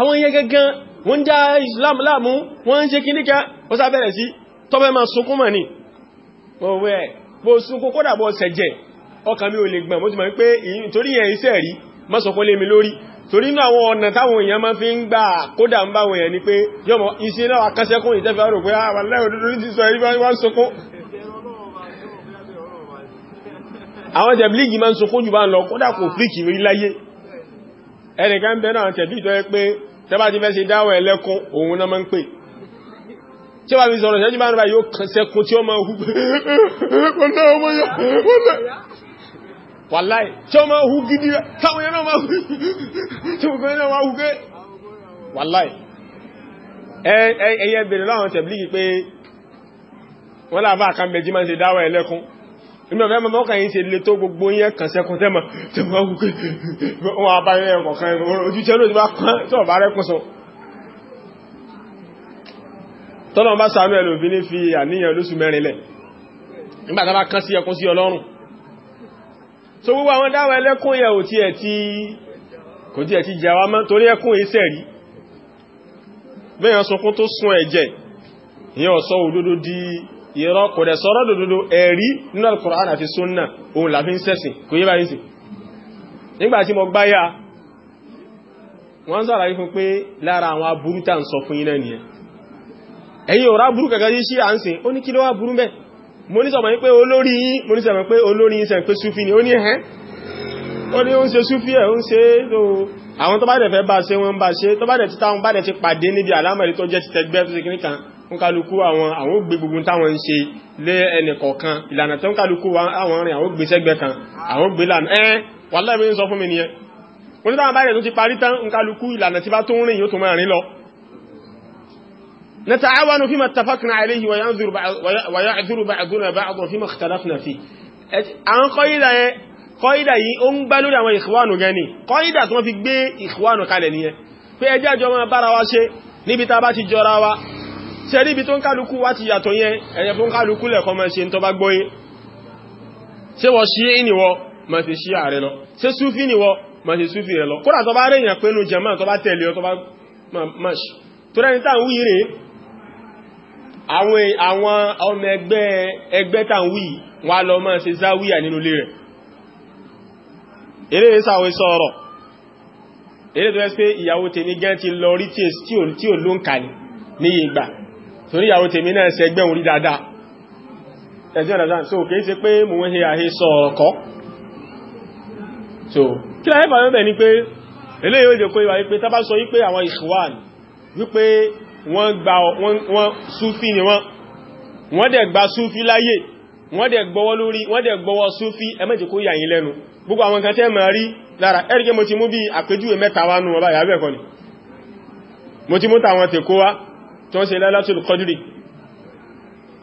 àwọn yẹn gẹ́gẹ́ wọ́n já Islam láàmú wọ́n ń ṣe kìíní ká ó sá bẹ̀rẹ̀ sí tọ́bẹ̀ máa sunkún mọ̀ ní ọwọ́ ẹ̀ bó sunkún kódà bó ṣẹ̀jẹ̀ ọkàn mi ò lè gbọ̀n mo ti mọ̀ pé torí yẹn iṣẹ́ rí má sọ lé mi lórí torí inú àwọn ọ̀nà táwọn èèyàn máa fi ń gbà kódà ń báwọn èèyàn ni pé yọmọ iṣẹ́ náà akásẹ́kún ìtẹ́fẹ́ rò pé àwọn ah, lẹ́òdúdú ti sọ ẹ̀rí wá ń sunkún àwọn jẹ̀blígì máa ń sunkún jù bá ń lọ kódà kò fríkì rí láyé ẹnìkan bẹ náà tẹ̀bí ìtọ́ ẹ pé tẹ́bá ti fẹ́ ṣe dáwọ̀ ẹlẹ́kún òun náà máa ń pè tí wà fi sọ̀rọ̀ ṣẹ́jú bá ń bá yóò sẹ́kún tí ó máa hù wàláì tí ó máa hù gidi táwọn yẹn náà máa hù tí ó máa hù bèèrè láwọn tẹ̀bí pé wọ́n láàbá àkàmbẹ̀jí máa ń ṣe dáwọ̀ ẹlẹ́kún inú ọ̀fẹ́ mọ́ mọ́kàn yìí ṣe lè tó gbogbo yẹn kàn sẹ́kùn tẹ́mọ̀ tí wọ́n kú pé wọ́n a bá rẹ̀ ọ̀kọ̀kan ojúṣẹ́ ló ti bá kán tí ọ̀bá rẹ̀ kún sọ tọ́lọ̀ bá sàánú ẹ̀lò bí ní fi àníyàn lóṣù mẹ́rin lẹ̀ nígbàtà bá kán sí ẹkún sí ọlọ́run so gbogbo àwọn dáwà ẹlẹ́kún yẹ ò tiẹ̀ tí kò tiẹ̀ ti jà wá mọ́ torí ẹkún iṣẹ́ rí bẹ́yàn sọkún tó sun ìrọ́ kò dẹ̀ sọ̀rọ̀ dòdòdó ẹ̀rí nínú Al-Qur'an àti súnnà òun làfí ń sẹ́sìn kò yí báyìí sí nígbàtí mo gbáyà wọ́n sàràyí fún pé lára àwọn aburú tà ń sọ fún iná nìyẹn ẹ̀yin ọ̀rá burú kẹ̀kẹ́ yí sí à ń sìn ó ní kí ló wá burú ni ó ní ẹ̀hẹ́ ó ní ó ń ṣe súfí ẹ̀ ó ń ṣe tó àwọn tó bá dẹ̀ ń kálukú àwọn àwọn ògbé gbogbo táwọn ń ṣe lé ẹnì kọ̀ọ̀kan ìlànà tó ń kálukú àwọn rìn àwọn ògbé sẹ́gbẹ̀ kan àwọn ògbé lànà ẹ́ wàláhì mi ń sọ fún mi nìyẹn wọ́n tó dáwọn báyẹ̀ tó ti parí tán ń kálukú ìlànà tí bá tó ń rìn yóò tó máa rìn lọ نتعاون فيما اتفقنا عليه وينذر ويعذر بعضنا بعضا فيما اختلفنا فيه àwọn kọ́ídà yẹn kọ́ídà yìí níbi tá bá ti jọra wa ṣe rí ibi tó ń kálukú wá ti yàtọ̀ yẹn ẹ̀yẹ fún kálukú lẹ̀kọ́ mọ́ ṣe ń tọ́ bá gbọ́yé ṣe wọ́n ṣí ìníwọ́ mọ́ sí ṣí ààrẹ lọ ṣe súfí níwọ́ mọ́ sí súfí rẹ lọ kódà tó bá rẹ̀ yàn pé nù jẹ́mọ́ tó bá tẹ̀lé ọ tó bá mọ́ṣ tó rẹ́ni tá ní ìgbà torí ìyàwó tèmi náà ṣe ẹgbẹ́ orí dáadáa ẹjọ́ ìdájọ́ so kìí ṣe pé mò ń he àhe sọ ọ̀rọ̀ so kí láyé bàbá bẹ̀ ni pé eléyìí ó jẹ́ pé wà wípé tá bá sọ wípé àwọn ìṣùwàn wípé wọ́n gba wọ́n súfí ni wọ́n wọ́n dẹ̀ gba súfí láyè wọ́n dẹ̀ gbọ́wọ́ lórí wọ́n dẹ̀ gbọ́wọ́ súfí ẹ má jẹ́ kó yà yín lẹ́nu gbogbo àwọn kan tẹ́ mọ̀ rí lára ẹ́rìkẹ́ mo tó ń ṣe lẹ́lẹ́tùl kọdìrì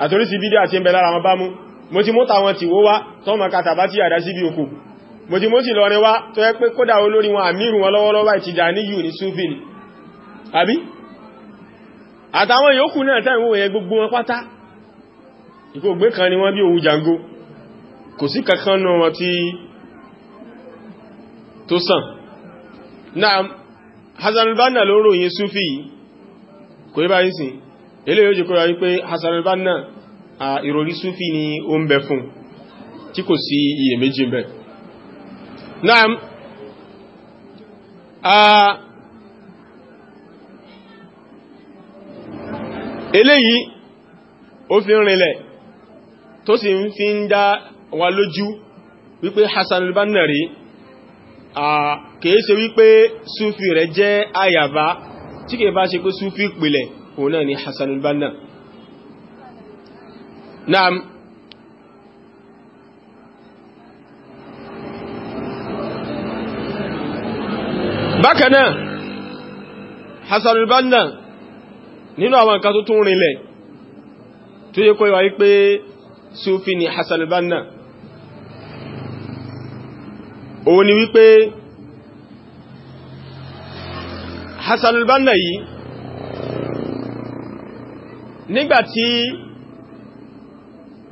àtorí sí bídí àti ìbẹ̀lára wọn bá mú mo ti mú tàwọn tí wó wá tó mọ̀ kàtà bá ti àdá síbi òkú mo ti mú ti lọ ní wá tó yẹ pé kódà olórí wọn àmírù wọn lọ́wọ́lọ́wọ́ ìtìjà ní ni wọ́n bí òwú jango kò sí kankan náà wọn tí tó sàn náà Hasan al-Banna ló ròyìn súfì yìí kò yí báyìí sìn ilé yóò jẹ́ kó yáyí pé Hassan al-Banna a ìròrí súfì ni ó ń bẹ fún tí kò sí iye méjì bẹ náà a eléyìí ó fi ń rinlẹ̀ tó sì ń fi ń dá wa lójú wípé Hassan rí a kìí wípé súfì rẹ̀ jẹ́ àyàbá tí kìí bá ṣe pé súfí pìlẹ̀ òun náà ni Hassanul Banna naam bákanáà Hassanul Banna nínú àwọn nǹkan tó tún rinlẹ̀ tó yẹ kó yíwa wípé súfí ni Hassanul Banna òun ni wípé Hassan al-Banna yìí nígbàtí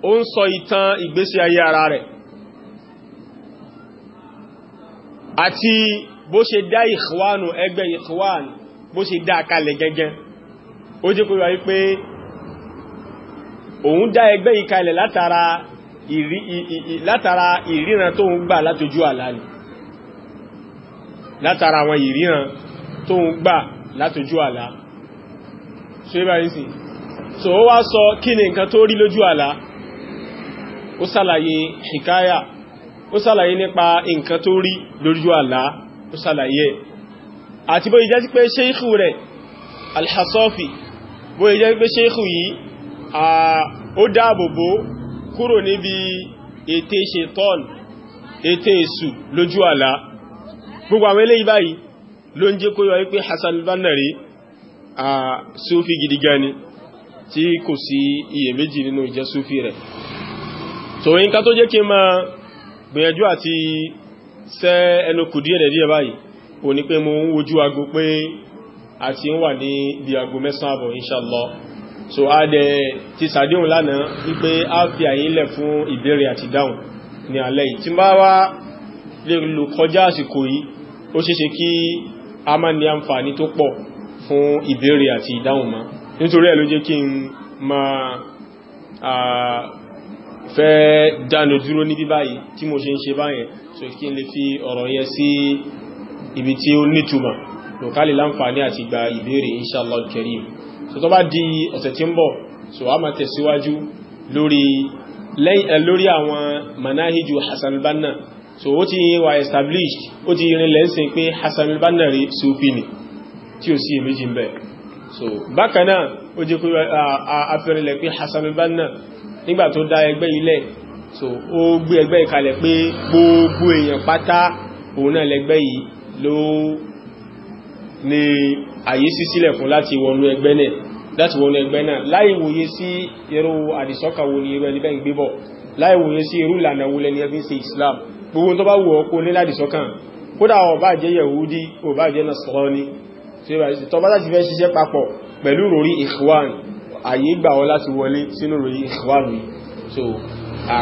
ó ń sọ ìtàn ìgbésí ayé ara rẹ̀ àti bó ṣe dá ìkwánù ẹgbẹ́ ìkwánù bó ṣe dá kalẹ̀ gẹ́gẹ́ ó jẹ́ kó wáyé pé òun dá ẹgbẹ́ yìí kalẹ̀ látara látara ìríran tó ń gbà látojú àlá látara àwọn ìríran tó ń gbà látojú àlá so yíba yìí sí so ó wá sọ kí ni nǹkan tó rí lójú àlá ó sàlàyé hikaya ó sàlàyé nípa nǹkan tó rí lójú àlá ó sàlàyé àti bó ìjẹ́ sí pé ṣéìkù rẹ̀ alhassofi bó ìjẹ́ pé ṣéìkù yìí ó dáàbòbò kúrò níbi ète ṣetán ète èsù lójú àlá gbogbo àwọn eléyìí báyìí ló ń jẹ́ kó yọ wípé Hassan al-Banna rí a sufi gidi gani tí kò sí iyèméjì nínú ìjẹ́ sufi rẹ̀ so yín ká tó jẹ́ kí ma gbìyànjú àti sẹ́ ẹnu kù díẹ̀ díẹ̀ báyìí ó ní mo ń wojú aago pé a ti ń wà ní bí aago mẹ́sàn-án àbọ̀ inshallah so a dẹ̀ ti sàdéhùn lánàá wípé a fi àyílẹ̀ fún ìbéèrè àti dáhùn ní alẹ́ yìí tí bá wá lè lò kọjá àsìkò yìí ó ṣeéṣe kí a máa ní àǹfààní tó pọ̀ fún ìbéèrè àti ìdáhùn ma nítorí ẹ̀ ló jẹ́ kí n máa fẹ́ dánu dúró níbí báyìí tí mo ṣe ń ṣe báyẹn so kí n lè fi ọ̀rọ̀ yẹn sí ibi tí ó nítumọ̀ lòkálì láǹfààní àti gba ìbéèrè inshallah karim so tó bá so a máa tẹ̀síwájú lórí lórí àwọn Hassan al-Banna so ó ti wà established ó ti rin lẹ́sìn pé Hassan al-Banna rí Sufi ni tí ó sì méjì ń bẹ̀ so bákanáà ó jẹ́ pé afẹ́rinlẹ̀ pé Hassan al-Banna nígbà tó dá ẹgbẹ́ ilẹ̀ so ó gbé ẹgbẹ́ ìkalẹ̀ pé gbogbo èèyàn pátá òun náà lẹ́gbẹ́ yìí ló ní àyè sí sílẹ̀ fún láti wọnú ẹgbẹ́ náà láti wọnú ẹgbẹ́ náà láì wòye sí irú àdìsọ́kà wo ni irú ẹni bẹ́ẹ̀ ń gbé bọ̀ láì wòye sí irú ìlànà wo lẹni ẹbí ṣe Islam gbogbo tó bá wù ọkọ ní láti sọ́kàn kódà ó bá jẹ́ yẹ̀wúdí ó bá jẹ́ nasrani tó bá láti fẹ́ ṣiṣẹ́ papọ̀ pẹ̀lú ròrí ikhwan àyè gbà ọ láti wọlé sínú ròrí ikhwan mi so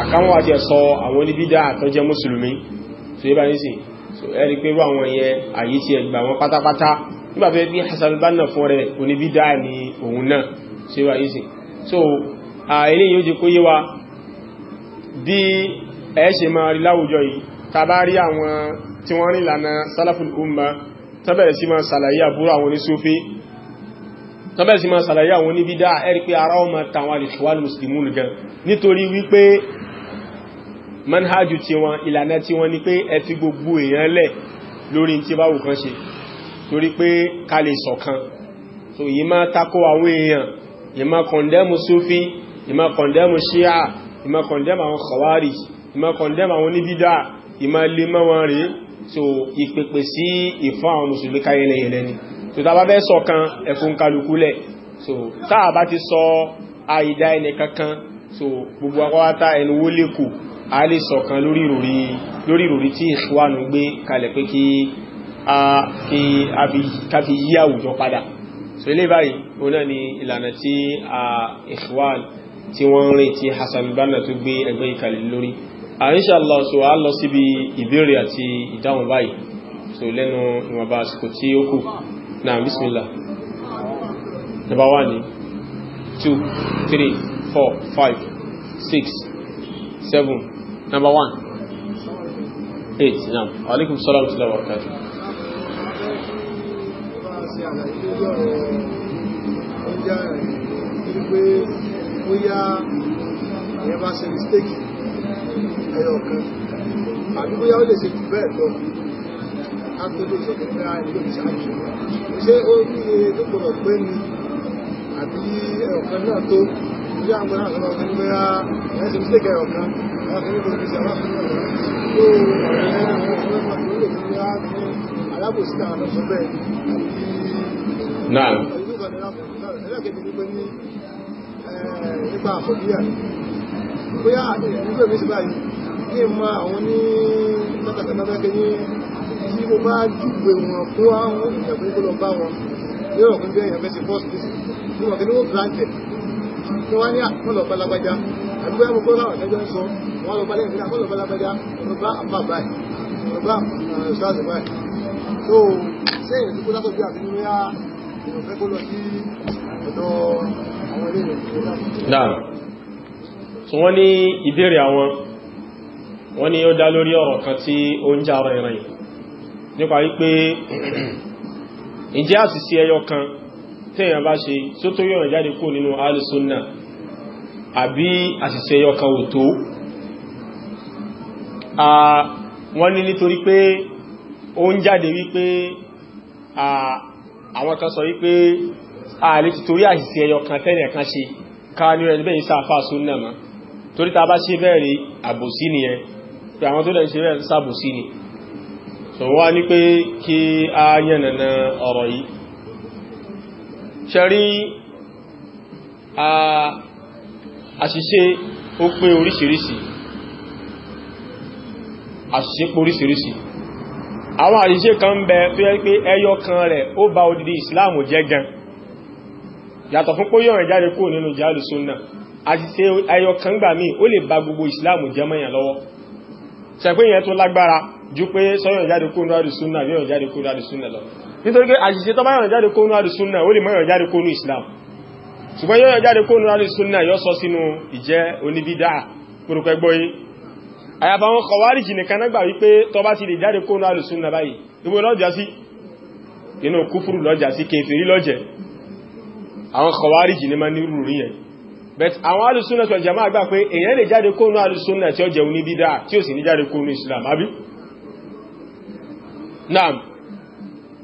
àkáwọn àti ẹ̀sọ àwọn oníbídá àtọ́jẹ́ mùsùlùmí so yẹ́ bá ní so ẹni pé rú àwọn yẹ àyè ti ẹgbà wọn pátápátá nígbà fẹ́ bí ni òun náà so so àìlẹ́yìn ó jẹ́ bí ẹ ṣe máa rí láwùjọ yìí tàbárí àwọn tí wọ́n rìn lànà salaful umma tọ́bẹ̀rẹ̀ sí máa sàlàyé àbúrò àwọn onísúfí tọ́bẹ̀rẹ̀ sí máa sàlàyé àwọn oníbídá ẹ̀rí pé ara ọmọ tàwọn al-ikhwan muslimun gan nítorí wípé manhajù tiwọn ìlànà tiwọn ni pé ẹ fi gbogbo èèyàn lè ṣọ̀kan so yìí máa takò àwọn èèyàn yìí máa kọ̀ndẹ́mù súfí yìí máa kọ̀ndẹ́mù ṣíà yìí àwọn khawarij ìmá kọ̀ndẹ́mà wọn ní bídá ìmá lè mọ́ rí so ìpèpè sí ìfún àwọn mùsùlùmí káyẹlẹ ni so tá bá fẹ́ sọ kan ẹ̀fún kalùkúlẹ̀ so tá a bá ti sọ àìdá ẹni kankan so gbogbo akọ́wátá ẹni wó lè kù a lè sọ kan lórí ìròrí lórí ìròrí tí ìṣúwánu gbé kalẹ̀ pé kí a fi yí àwùjọ padà so ilé báyìí o náà ni ìlànà tí ìṣúwánu tí wọ́n ń rìn tí Hassan Banna tó gbé ẹgbẹ́ ìkàlẹ̀ lórí Ah, insha Allah so a lọ síbi ìbéèrè àti ìdáhùn báyìí so lẹ́nu ìwọ̀nba àsìkò tí ó kù náà bismillah number one two three four five six seven number one eight naam alaikum salaam wa rahmatullahi wa barakatuh ẹ̀yẹ́ bá ṣe mistake ẹyọ kan àbí bóyá ó lè ṣe jù bẹ́ẹ̀ lọ látọ́jú sọ pé pé àìlú ìṣáájú ṣé ó ní iye tó gbọdọ̀ pé ni àbí ẹyọ kan náà tó bí àwọn ará àwọn ọmọ ẹgbẹ́ ẹ ṣe mistake ẹyọ kan wọn fi níbo ìgbésẹ̀ wọn fi níbo tó ọ̀rẹ́ àwọn ọmọ ẹgbẹ́ tó lè fi wá fún alábòsí náà lọ sọ bẹ́ẹ̀ náà ẹlẹ́kẹ̀ẹ́ ni pé ní nípa àfọ̀díyà bóyá ìgbésẹ̀ báyìí kí n mọ àwọn ní mọ́tàkàtàkì ní tí mo bá jùgbé wọn fún àwọn èèyàn pé kó lọ bá wọn lérò pé bí èèyàn fẹ́ ṣe fọ́ọ̀sì ní wọn kí ló granted tí ah, wọ́n ní àwọn lọ bá lágbájá àbí bóyá mo kó láwọn ẹ̀jọ́ ń sọ wọ́n lọ bá lẹ́yìn náà wọ́n lọ bá lágbájá wọ́n bá àpá báyìí wọ́n bá ṣáàṣì báyìí tó ṣé èèyàn tó kó látọ̀ bí àti ní èèyàn fẹ́ kó lọ sí ọ̀dọ̀ àwọn ilé ìrìn náà. ìbéèrè àwọn wọ́n ní ó dá lórí ọ̀rọ̀ kan tí ó ń já ọ̀rọ̀ ìrìn nípa wípé ìjẹ́ àṣìṣe ẹyọ kan tẹ́yàn bá ṣe tó tó yọ̀rọ̀ jáde kú nínú alìsúnnà àbí àṣìṣe ẹyọ kan ò tó wọ́n ní nítorí pé ó ń jáde wípé àwọn kan sọ wípé ààrẹ ti torí àṣìṣe ẹyọ kan tẹ́yàn kan ṣe ká ní ẹni bẹ́yìn sáfà súnnà torí ta bá ṣe bẹ́ẹ̀ àbòsí nìyẹn pé àwọn tó lẹ́ ṣe rẹ̀ sábòsí ni so wá ní pé kí a yẹnana ọ̀rọ̀ yìí ṣẹ́rí àṣìṣe ó pé oríṣiríṣi àṣìṣe pé oríṣiríṣi àwọn àṣìṣe kan bẹ tó yẹ pé ẹyọ kan rẹ̀ ó bà odidi Islam jẹ́ gan yàtọ̀ fún póyọ̀ rẹ̀ jáde kúrò nínú jálùsúnnà àṣìṣe ẹyọ kan gbà míì ó lè bà gbogbo Islam jẹ́ mọ́yàn lọ́wọ́ ṣẹ̀pẹ́ yẹn tó lágbára ju pé sọ́yàn jáde kó nú àdùsúnà yóò jáde kó nú àdùsúnà lọ nítorí pé àṣìṣe Islam ṣùgbọ́n yóò jáde kó nú àdùsúnà yóò sọ sínú ìjẹ́ oníbídà kúrúkẹ́ gbọ́yé àyàfà wọn kọ̀wárìjì nìkan náà gbà wípé tó bá ti lè jáde kó nú àdùsúnà báyìí ibo lọ́jà sí inú kúfúrú lọ́jà sí kèfèrí lọ́jẹ̀ ní ma ní rúrí yẹn but àwọn alùsúnà tó jàmáà gbà pé èyàn lè jáde kónú alùsúnà tí ó jẹ́ oníbídá tí ó sì ní jáde kónú Islam àbí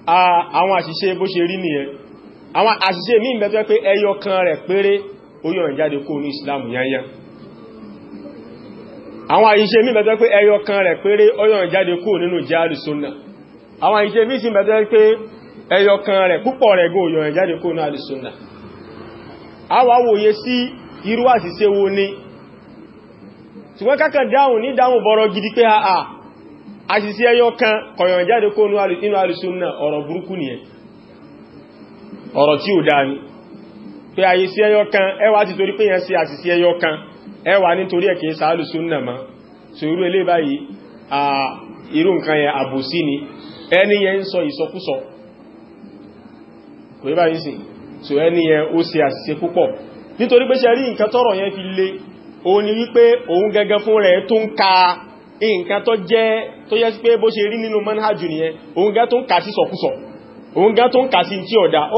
a àwọn àṣìṣe bó ṣe rí nìyẹn àwọn àṣìṣe mí ìbẹ̀tọ́ pé ẹyọ kan rẹ̀ péré oyó Islam yányá àwọn àṣìṣe mí ìbẹ̀tọ́ pé ẹyọ kan rẹ̀ péré kó nínú alùsúnà àwọn àṣìṣe mí sì pé ẹyọ kan irú àṣìṣe wo ni ṣùgbọ́n kákan dáhùn ní dáhùn bọ́rọ̀ gidi pé àà àṣìṣe ẹyọ kan kọ̀yàn jáde kó nínú alùsùnnà ọ̀rọ̀ burúkú nìyẹn ọ̀rọ̀ tí ò dáa ni pé àṣìṣe ẹyọ kan ẹwà ti torí pé yẹn sí àṣìṣe ẹyọ kan ẹwà nítorí ẹ̀ kìí sàálùsùnnà mọ́ so irú ilé báyìí à irú nǹkan ẹni yẹn so ẹni yẹn ó ṣe àṣìṣe púpọ̀ nítorí pé ṣe rí nǹkan tọ́rọ̀ yẹn fi le òun ni wípé òun gangan fún rẹ̀ tó ń ka nǹkan tó jẹ́ tó yẹ sí pé bó ṣe rí nínú manhajù nìyẹn tó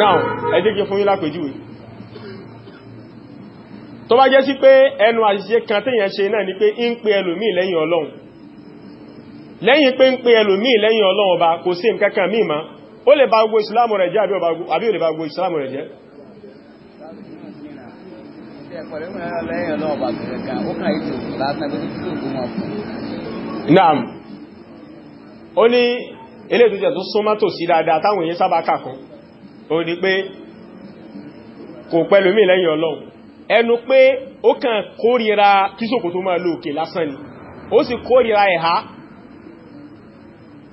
now ẹ jẹ́ kí fún yín lápèjúwe tó bá jẹ́ sí pé ẹnu àṣìṣe kan téèyàn ṣe náà ni pé ń pe ẹlòmíì lẹ́yìn ọlọ́run lẹ́yìn pé ń pè ẹlòmíì lẹ́yìn ọlọ́run ọba kò sí nǹkankan míì ma ó lè ba gbogbo ìsìlámù rẹ̀ jẹ́ àbí ó lè ba gbogbo ìsìlámù rẹ̀ jẹ́ naam ó ní ilé ìtújẹ̀ tó súnmọ́ tò sí dáadáa táwọn èyí sábà kàkún ó ní pé kò pẹ̀lú lẹ́yìn ọlọ́run ẹnu pé ó kàn tó ni ó sì ẹ̀há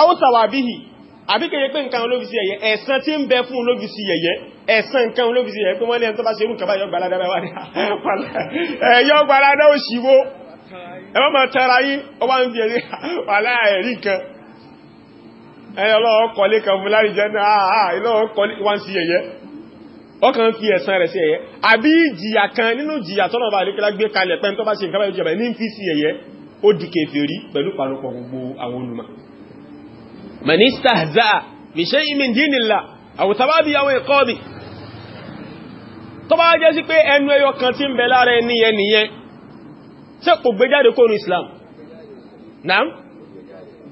àwọ́sàwà bíhì àbí kèrè pé nǹkan olóbi sí ẹ̀yẹ ẹ̀san tí ń bẹ fún olóbi sí ẹ̀yẹ ẹ̀san nǹkan olóbi sí ẹ̀yẹ pé wọ́n ní ẹni tó bá ṣe irú kàbá yọ́gbàládá bá wà ní òṣìwó ẹwọ́n ma tẹ́ra yí ó wá ń fi ẹ̀rí kan ah, ah, ọkàn fi rẹ̀ sí àbí ìjìyà kan nínú ìjìyà tọ́nà bá man istahza'a bi shay'in min dinillah aw thawabi aw iqabi tó bá jẹ́ sí pé ẹnu ẹyọ kan tí ń bẹ lára ẹni yẹn nìyẹn ṣé kò gbé jáde kó nu islam naam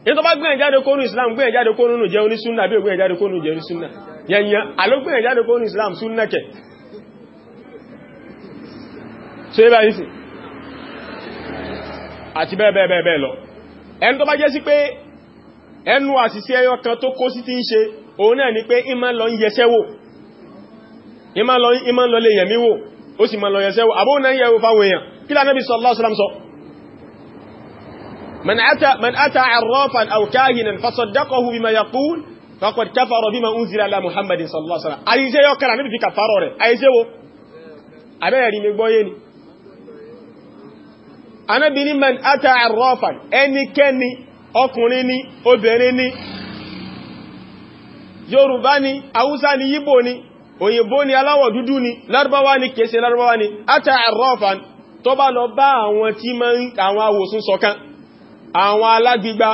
ní tó bá gbé jáde kó nu islam gbé jáde kó nu jẹ́ oní súnnà bí gbé jáde kó nu jẹ́ oní súnnà yẹnyẹn àló gbé jáde kó nu islam súnnà kẹ ṣe bá yìí sí àti bẹ́ẹ̀ bẹ́ẹ̀ bẹ́ẹ̀ lọ ẹni tó bá jẹ́ sí pé ẹnu àṣìṣe ẹyọ kan tó kó sí ti ń ṣe òun náà ni pé ìmá lọ ń yẹsẹ́ wò ìmá lọ lè yẹ̀mí wò ó sì má lọ yẹsẹ́ wò àbóhùn náà yẹ̀wò fáwọn èèyàn kí lánàbí sallallahu alaihi wasallam sọ من أتى من أتى ẹnikẹ́ni ọkùnrin ni obìnrin ni yorùbá ni haúsá ni yíbò ni òyìnbó ni aláwọ̀ dúdú ni lárúbáwá ni kèsè lárúbáwá ni átà àrọ́fàn tó bá lọ bá àwọn tí ma ń àwọn awòsùn sọ̀kan àwọn alágbígba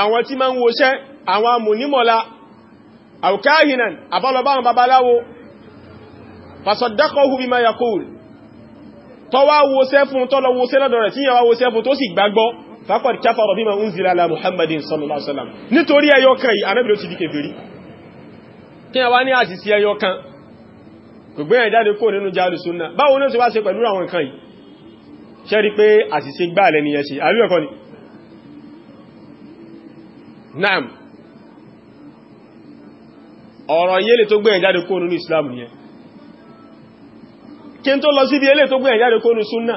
àwọn tí ma ń wòṣẹ́ àwọn amùnímọ̀lá àwòkáhìnan àbálọ́bá àwọn babaláwo fasọ̀dákọ̀hù bí ma yakul tọ́wá faqad kafara bima unzila ala muhammadin sallallahu alaihi wasallam nítorí ẹyọ kan yìí anábì ló ti di kèfèrí kí a wá ní àṣìṣe ẹyọ kan kò gbé ẹ̀jáde kó nínú jáàlù súnà báwo ní ó ti wá ṣe pẹ̀lú àwọn nǹkan yìí ṣe rí pé àṣìṣe gbà lẹ́ni yẹn ṣe àríwẹ̀ kọ́ ni naam ọ̀rọ̀ yẹ́lẹ̀ tó gbé ẹ̀jáde kó nínú islam yẹn kí n tó lọ síbi yẹ́lẹ̀ tó gbé ẹ̀jáde kó nínú súnà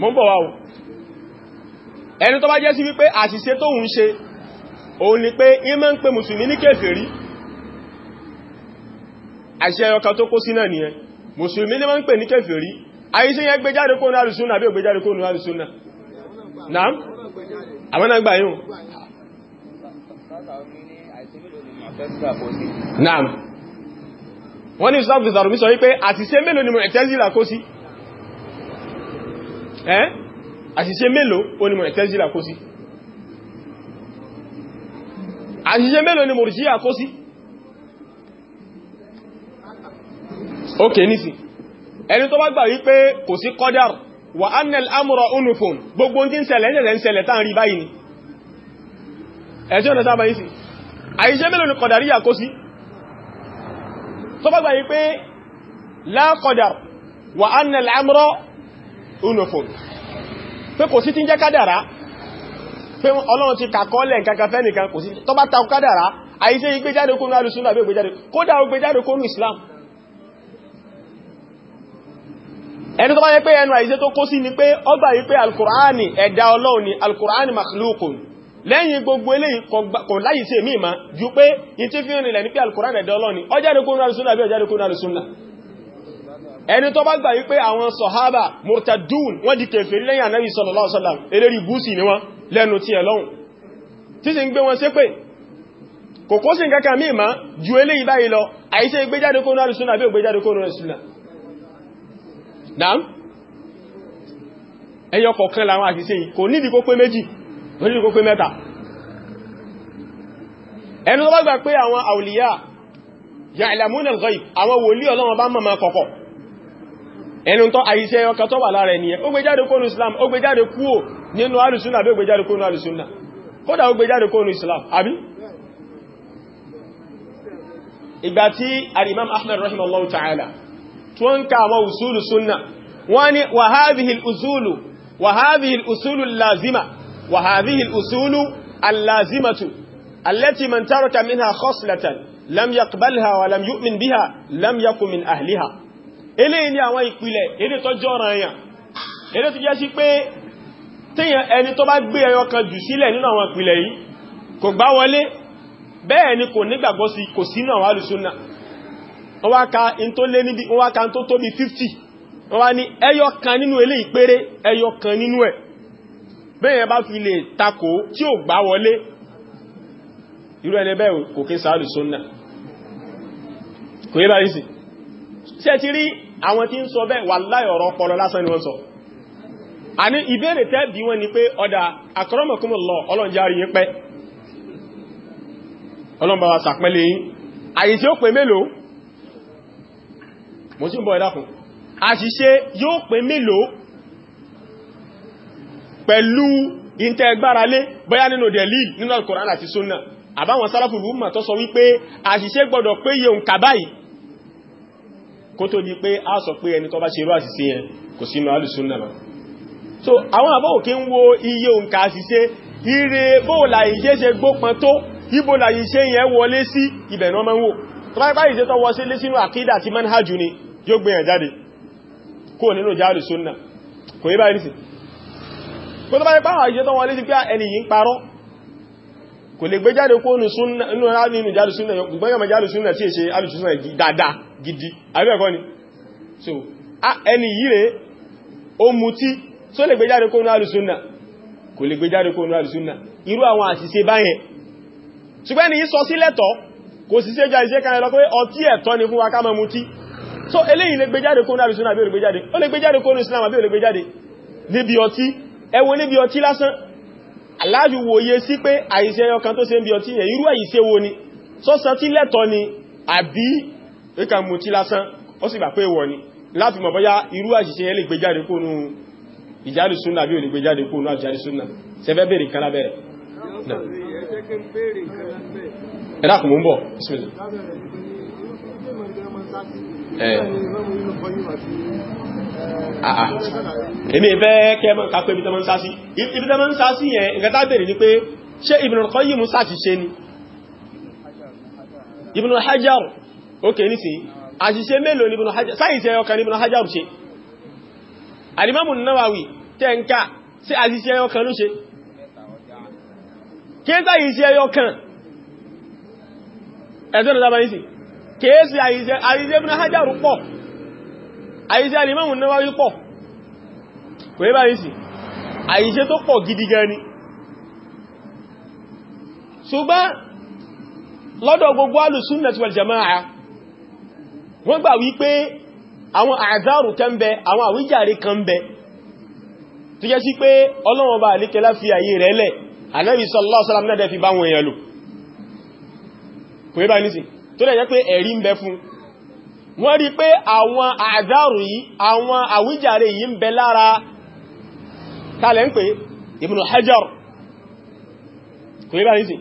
mo ń bọ̀ wá o ẹni tó bá jẹ́ sí wípé àṣìṣe tóhun ṣe òun ni pé ìmọ̀ ń pè mùsùlùmí ní kèfèrí àṣẹ ọkà tó kó sí náà nìyẹn mùsùlùmí ní máa ń pè ní kèfèrí àyíṣẹ́ yẹn gbé jáde kóòrùn àrùsúnà àbí ògbé jáde kóòrùn àrùsúnà náà àwọn ẹ́ àṣìṣe mélòó ó ní mọ̀tẹ́sílà kó sí àṣìṣe mélòó ni mọ̀rìṣíyà kó sí ókè nísì ẹni tó bá gbà wípé kò sí kọ́dár wà annal amúrọ̀ unufon gbogbo ní ṣẹlẹ̀ ṣẹlẹ̀ ṣẹlẹ̀ tán rí báyìí ni ẹ̀ṣẹ́ ọ̀nà sábà yìí sí annal amúrọ̀ uniform pé kò sí tí ń jẹ́ kádàrá pé ọlọ́run ti kàkọ́lẹ̀ kankan fẹ́nìkan kò sí tó bá takò kádàrá àìṣe ìgbéjáde kó ní alùsùn àbí ìgbéjáde kódà ó gbéjáde Islam ẹni tó bá yẹ pé ẹnu àìṣe tó kó sí ni pé ó gbà yí pé alkùránì ẹ̀dá ọlọ́run ni alkùránì makhlukun lẹ́yìn gbogbo eléyìí kò láyìí sí èmì ìmá ju pé in ti fi rìnlẹ̀ ní pé ẹni tó bá gbà wípé àwọn sọ̀hábà murtadun wọ́n di kèfèrí lẹ́yìn ànábì sallallahu alaihi wasallam eléri gúúsì ni wọ́n lẹ́nu tí ẹ lọ́hùn tí sì ń gbé wọn sí pé kò kó sí nǹkan kan mí ma ju eléyìí báyìí lọ àìsẹ́ ìgbéjáde kó àwọn àwòlíyà bá mọ̀ mọ̀ kọ̀kọ̀ ẹnu tọ́ àìṣẹ́ ọkà tọ́ wà lára ẹniyẹ ó gbéjáde kónú Islam ó gbéjáde kúò nínú alùsúnà bí ó gbéjáde kónú alùsúnà kódà ó gbéjáde kónú Islam àbí ìgbà tí al-Imam Ahmad rahimallahu ta'ala tí wọ́n ká àwọn usulu ele ni awon ipile èdè tó jẹ́ ọ̀ràn èèyàn èdè tó jẹ́ sí pé tíyàn ẹni tó bá gbé ẹyọ kan jù awon ipile yi ko gba kò gbá wọlé bẹ́ẹ̀ ni kò si sí ka in le lé ka bi 50 wọ́n ni ní ninu kan nínú eléyìí ninu e kan nínú ẹ̀ fi lè takò tí ò gbá wọlé ṣe ti rí àwọn tí ń sọ bẹ́ẹ̀ wà láì ọ̀rọ̀ ọpọlọ lásán ni wọ́n sọ àní ìbéèrè tẹ́ bí wọ́n ní pé ọ̀dà akramakumullah ọlọ́njárí yín pẹ́ ọlọ́mbà wa sàpẹ́lẹ̀ yín àyè tí ó pè mélòó mo sí ń bọ̀ ẹ̀dàkùn àṣìṣe yóò pè mélòó pẹ̀lú ìntẹ́gbáralé quran àti Sunnah àbáwọn sálàfù rúmà tó sọ wípé àṣìṣe gbọ́dọ̀ péye òǹkà báyìí kó tó di pé a sọ pé ẹni tó bá ṣe irú àṣìṣe yẹn kò sínú alùsùnà mọ́ so àwọn àbọ̀wò kí ń wo iye òǹkà àṣìṣe ire bóòlà ìṣe ṣe gbópọn tó ibòlà ìṣe yẹn wọlé sí ibẹ̀ náà máa ń wò tó bá ipá ni yóò gbìyàn jáde kó nínú ìjà alùsùnà kò yí báyìí nìsí kó tó bá ipá ìṣe wọlé sí pé ẹni yìí ń parọ́ kò lè gbé jáde kó nínú ráàlì nínú jáde súnà gbọ́n yàmà jáde súnà tí è ṣe alùsùsùnà dáadáa gidi àríwẹ̀kọ́ ni so ẹni yìí rẹ̀ ó mú tí tó lè gbé jáde kó nínú alùsùnà kò lè gbé jáde kó nínú alùsùnà irú àwọn àṣìṣe báyẹn ṣùgbọ́n ẹni so eléyìí lè gbé jáde kó nínú alùsùnà bí ó lè gbé jáde ó lè aláàjú wòye sí pé àìṣe ọkàn tó se ń bí ọtí yẹn irú àìṣe wo ni sọ́sán tí lẹ́tọ́ ni àbí ẹkà mú tí lásán ó ni láti mọ̀ bọ́yá irú àṣìṣe yẹn lè gbé jáde ìjáde súnà bí ò lè gbé jáde kónú àjáde súnà bèèrè Ah, ah. èmi ìfẹ́ kẹmọ̀ kápẹ́ ibi tọ́mọ́ ń sásí ibi tọ́mọ́ ń sásí yẹn nǹkan tá bèèrè ní pé ṣé Ibn al-Qayyim ṣàṣìṣe ni Ibn Hajar ókè nísìn àṣìṣe mélòó ni Ibn Hajar sáyìnsì ẹyọkan ni Ibn Hajar ṣe Al-Imam an-Nawawi tẹ́ǹkà sí àṣìṣe ẹyọkan ló ṣe kéèsà àṣìṣe ẹyọkan ẹ̀tọ́ àìṣẹ́ alìmọ́mù náwà rí pọ̀ kò yẹ báyìí sí àìṣẹ́ tó pọ̀ gidi gan ni ṣùgbọ́n lọ́dọ̀ gbogbo alùsúnnà wal jama'a wọ́n gbà wípé àwọn àzárù kan bẹ àwọn àwíjàre kan bẹ tó jẹ́ sí pé Ọlọ́run bá àníkẹlá fi àyè rẹ̀ lẹ̀ Ànábì sallallahu alaihi wasallam náà dẹ̀ wọ́n rí pé àwọn àdárù yìí àwọn àwíjàre yìí ń bẹ lára tààlẹ̀ ń pè Ibn Hajar kò yí bá ní sí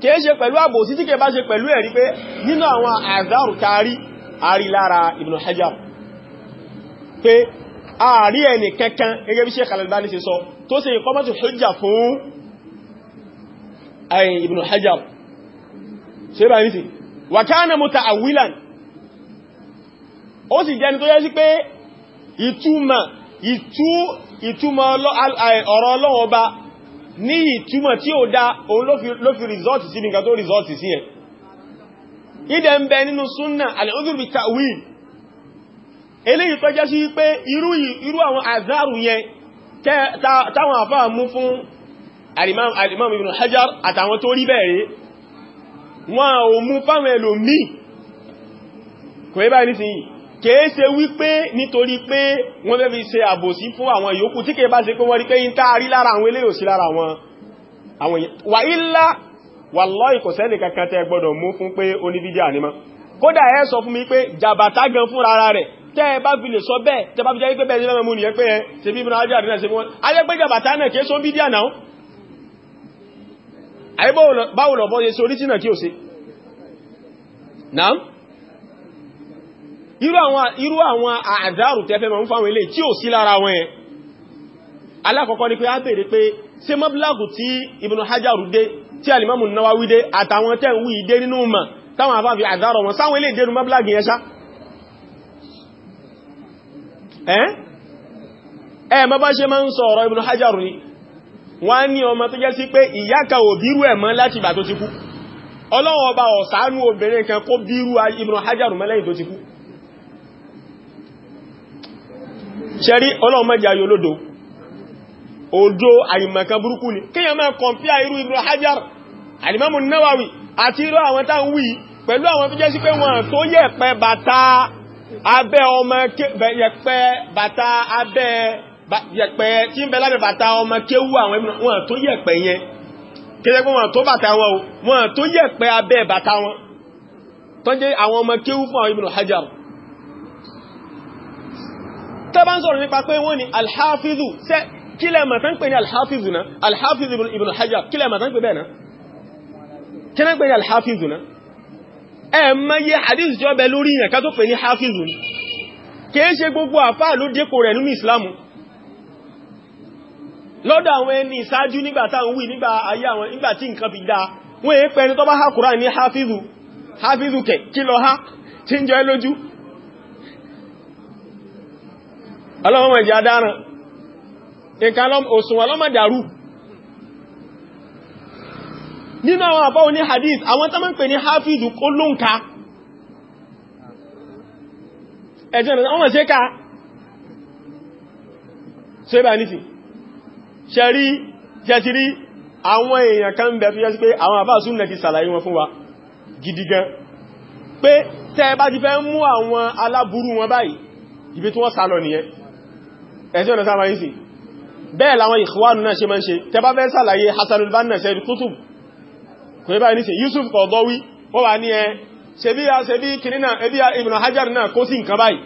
kìí ṣe pẹ̀lú àbò sí tí kìí bá ṣe pẹ̀lú ẹ̀rí pé nínú àwọn àdárù taari àrí lára Ibn Hajar pé ààrí ẹni kankan gẹ́gẹ́ bí ṣe sọ tó kana muta'awwilan ó sì jẹ́ni tó yẹ sí pé ìtumọ̀ ìtumọ̀ ọ̀rọ̀ Ọlọ́run ọba ní ìtumọ̀ tí ó dá òun ló fi rìsọ́ọ̀tì sí nìkan tó rìsọ́ọ̀tì sí ẹ̀ ìdẹ̀ ń bẹ nínú súnnà alẹ́ọ́dúnbí tàwí eléyìí tó jẹ́ sí pé irú àwọn àzárù yẹn táwọn àfáà mú fún alimam ibn hajar àtàwọn tó rí bẹ̀rẹ̀ wọn ò mú fáwọn ẹlòmí kò ẹ báyìí nísìnyí kèése wípé nítorí pé wọ́n fẹ́ fi ṣe àbòsí fún àwọn ìyókù tí kèé bá ṣe pé wọ́n rí pé yín táàrí lára àwọn eléyò sí lára àwọn èèyàn wà ílá wà lọ́ ìkọ̀sẹ́lẹ̀ kankan tẹ́ gbọ́dọ̀ mú fún pé oníbídíà ní mọ́ kódà ẹ sọ fún mi pé jàbàtà gan fún ara rẹ̀ tẹ́ ẹ bá fi lè sọ bẹ́ẹ̀ tẹ́ irú àwọn irú àwọn àdárù tẹ́fẹ́ ma ń fáwọn ilé tí ò sí lára wọn ẹ̀ alákọ̀ọ́kọ́ ni pé a bèèrè pé ṣe mọ́bíláàgù tí Ibn Hajar dé tí alimamu Nawawi dé àtàwọn tẹ́ wí dé nínú ma táwọn afáfi àdárù wọn sáwọn ilé ìdénú mọ́bíláàgù yẹn ṣá ṣẹ́rí ọlọ́run mẹ́jẹ ayò lódò òdó àìmọ̀kan burúkú ni kíyàn máa kọmpíà irú Ibn Hajar alimamu Nawawi àti irú àwọn tán wí pẹ̀lú àwọn tó jẹ́ sí pé wọ́n tó yẹ̀pẹ̀ bàtà abẹ́ ọmọ yẹ̀pẹ̀ bàtà abẹ́ yẹ̀pẹ̀ tí ń bẹ lábẹ́ bàtà ọmọ kéwú àwọn wọn tó yẹ̀pẹ̀ yẹn kéjẹ́ pé wọ́n tó bàtà wọn o wọ́n tó yẹ̀pẹ̀ abẹ́ bàtà wọn Hajar tẹ́bá ń sọ̀rọ̀ nípa pé wọ́n ni alhafizu sẹ́ kílẹ̀ mọ̀tán pè ní alhafizu na alhafizu ibn hajjab kílẹ̀ mọ̀tán pè bẹ́ẹ̀ na kílẹ̀ pè ní alhafizu na ẹ mọ́ yẹ hadith jọ bẹ lórí ìyànká tó pè ní hafizu ni kìí ṣe gbogbo àfá ló dépò rẹ̀ nínú islamu lọ́dọ̀ àwọn ẹni ìsáájú nígbà táwọn wí nígbà ayé àwọn nígbà tí nǹkan fi dáa wọ́n èé pẹ́ni tó bá ní hafizu hafizu kí lọ ha tí ń jọ ẹ lójú ọlọ́mọ ìjà dáràn nǹkan òṣùwọ̀n lọ́mọ dàrú nínú àwọn àbá oní hadith àwọn tó máa ń pè ní hafidu kó ló ń ka ẹ̀jẹ̀ rẹ̀ wọ́n ṣe ká ṣe bá nífi ṣe rí jẹ́sí rí àwọn èèyàn kan bẹ̀ tó jẹ́ sí pé àwọn àbá súnnà gidi gan pé tẹ́ bá ti fẹ́ mú àwọn aláburú wọn báyìí ibi tí wọ́n sálọ nìyẹn ẹ̀sìn ọ̀nà sáàmà ìsìn bẹ́ẹ̀ làwọn ìkwánù náà ṣe máa ń ṣe tẹbá fẹ́ sàlàyé Hassanul Banna Said Qutb kò yíbá ìníṣẹ́ Yusuf Qaradawi wọ́n wà ní ẹ ṣebí ya ṣebí kìrínà ẹbí ya Ibn Hajar náà kó sí nǹkan báyìí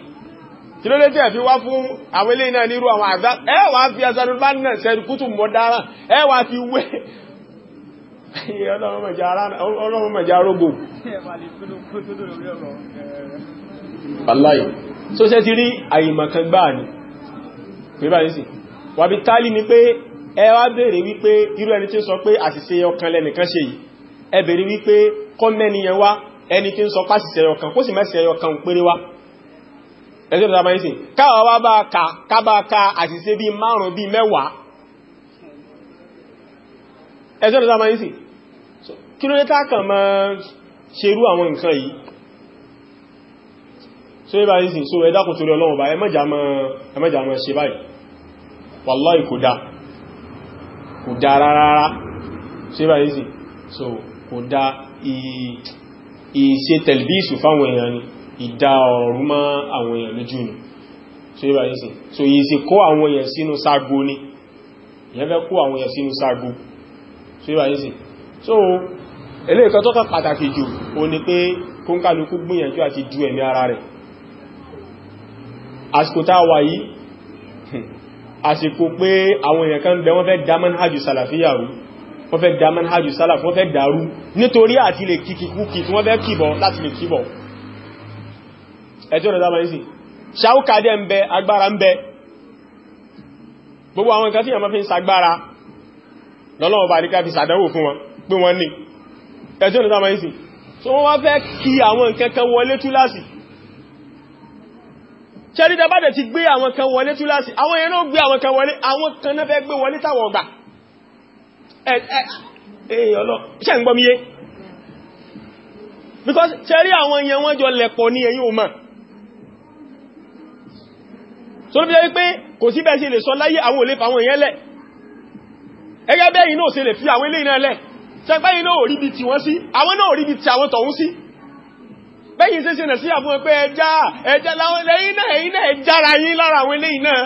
kí ló lé tẹ́ fi wá fún àwọn ilé náà nírú àwọn àgbà ẹ wà fi Hassanul Banna Said Qutb mọ́ dára ẹ ti rí àyìmọ̀kan gbáà ni pẹ̀lú àyíṣì wàbí tálí ni pé ẹ wá bèèrè wípé irú ẹni tí ń sọ pé àṣìṣe ọkàn lẹ́nìkan ṣe yìí ẹ bèèrè wípé kọ́mẹ́ni yẹn wá ẹni tí ń sọ pàṣìṣe ọkàn kó sì mẹ́sì ọkàn péré wá ẹjọ́ ìjọba yìí sì káwà wá bá ka kábà ka àṣìṣe bíi márùn so ibá yìí so ẹ dákun torí ọlọ́run bá ẹ mẹ́jà mọ́ ṣe báyìí wallahi kò dá kò dá rárá so ibá yìí so kò dá ìṣe tẹ̀lbíṣù fáwọn èèyàn ni ìdá ọ̀rún mọ́ àwọn èèyàn lójú ni so ibá yìí so yìí sì kó àwọn èèyàn sínú ságo ni ìyẹn fẹ́ kó àwọn àsìkò tá a wà yìí àsìkò pé àwọn èèyàn kan bẹ wọ́n fẹ́ dá manhajù sàlàfíyà rú wọ́n fẹ́ dá manhajù sàlàf wọ́n fẹ́ dàrú nítorí àti lè kìkìkúkì tí wọ́n fẹ́ kìbọ̀ láti lè kìbọ̀ ẹjọ́ ìrọ̀dá mẹ́sìn ṣáúkàdẹ́ ń bẹ agbára ń bẹ gbogbo àwọn nǹkan tí yàmá fi wọ́n wá fẹ́ kí àwọn nǹkan wọlé túláàsì ṣẹ́ríta bá dẹ̀ ti gbé àwọn kan wọlé túláàsì àwọn èèyàn náà gbé àwọn kan wọlé àwọn kan náà fẹ́ gbé wọlé táwọn ọgbà ṣe ń gbọmíyé because ṣẹ́rí àwọn èèyàn wọ́n jọ lẹ̀pọ̀ ní ẹ̀yìn o kò sí bẹ́ẹ̀ ṣe lè sọ láyé àwọn olè fàwọn èèyàn lẹ̀ ẹgẹ́ bẹ́ẹ̀ yìí náà ṣe lè fi àwọn ilé ìrìnlẹ̀ ṣẹgbẹ́ yìí náà rí bí ti wọ́n sí àwọn náà rí bí ti àwọn tọ̀hún sí bẹ́yìn sí ṣẹlẹ̀ sí àbúrẹ́ pé ẹjá ẹjá láwọn lẹ́yìn náà ẹ̀yìn náà ẹjára yín lára àwọn eléyìn náà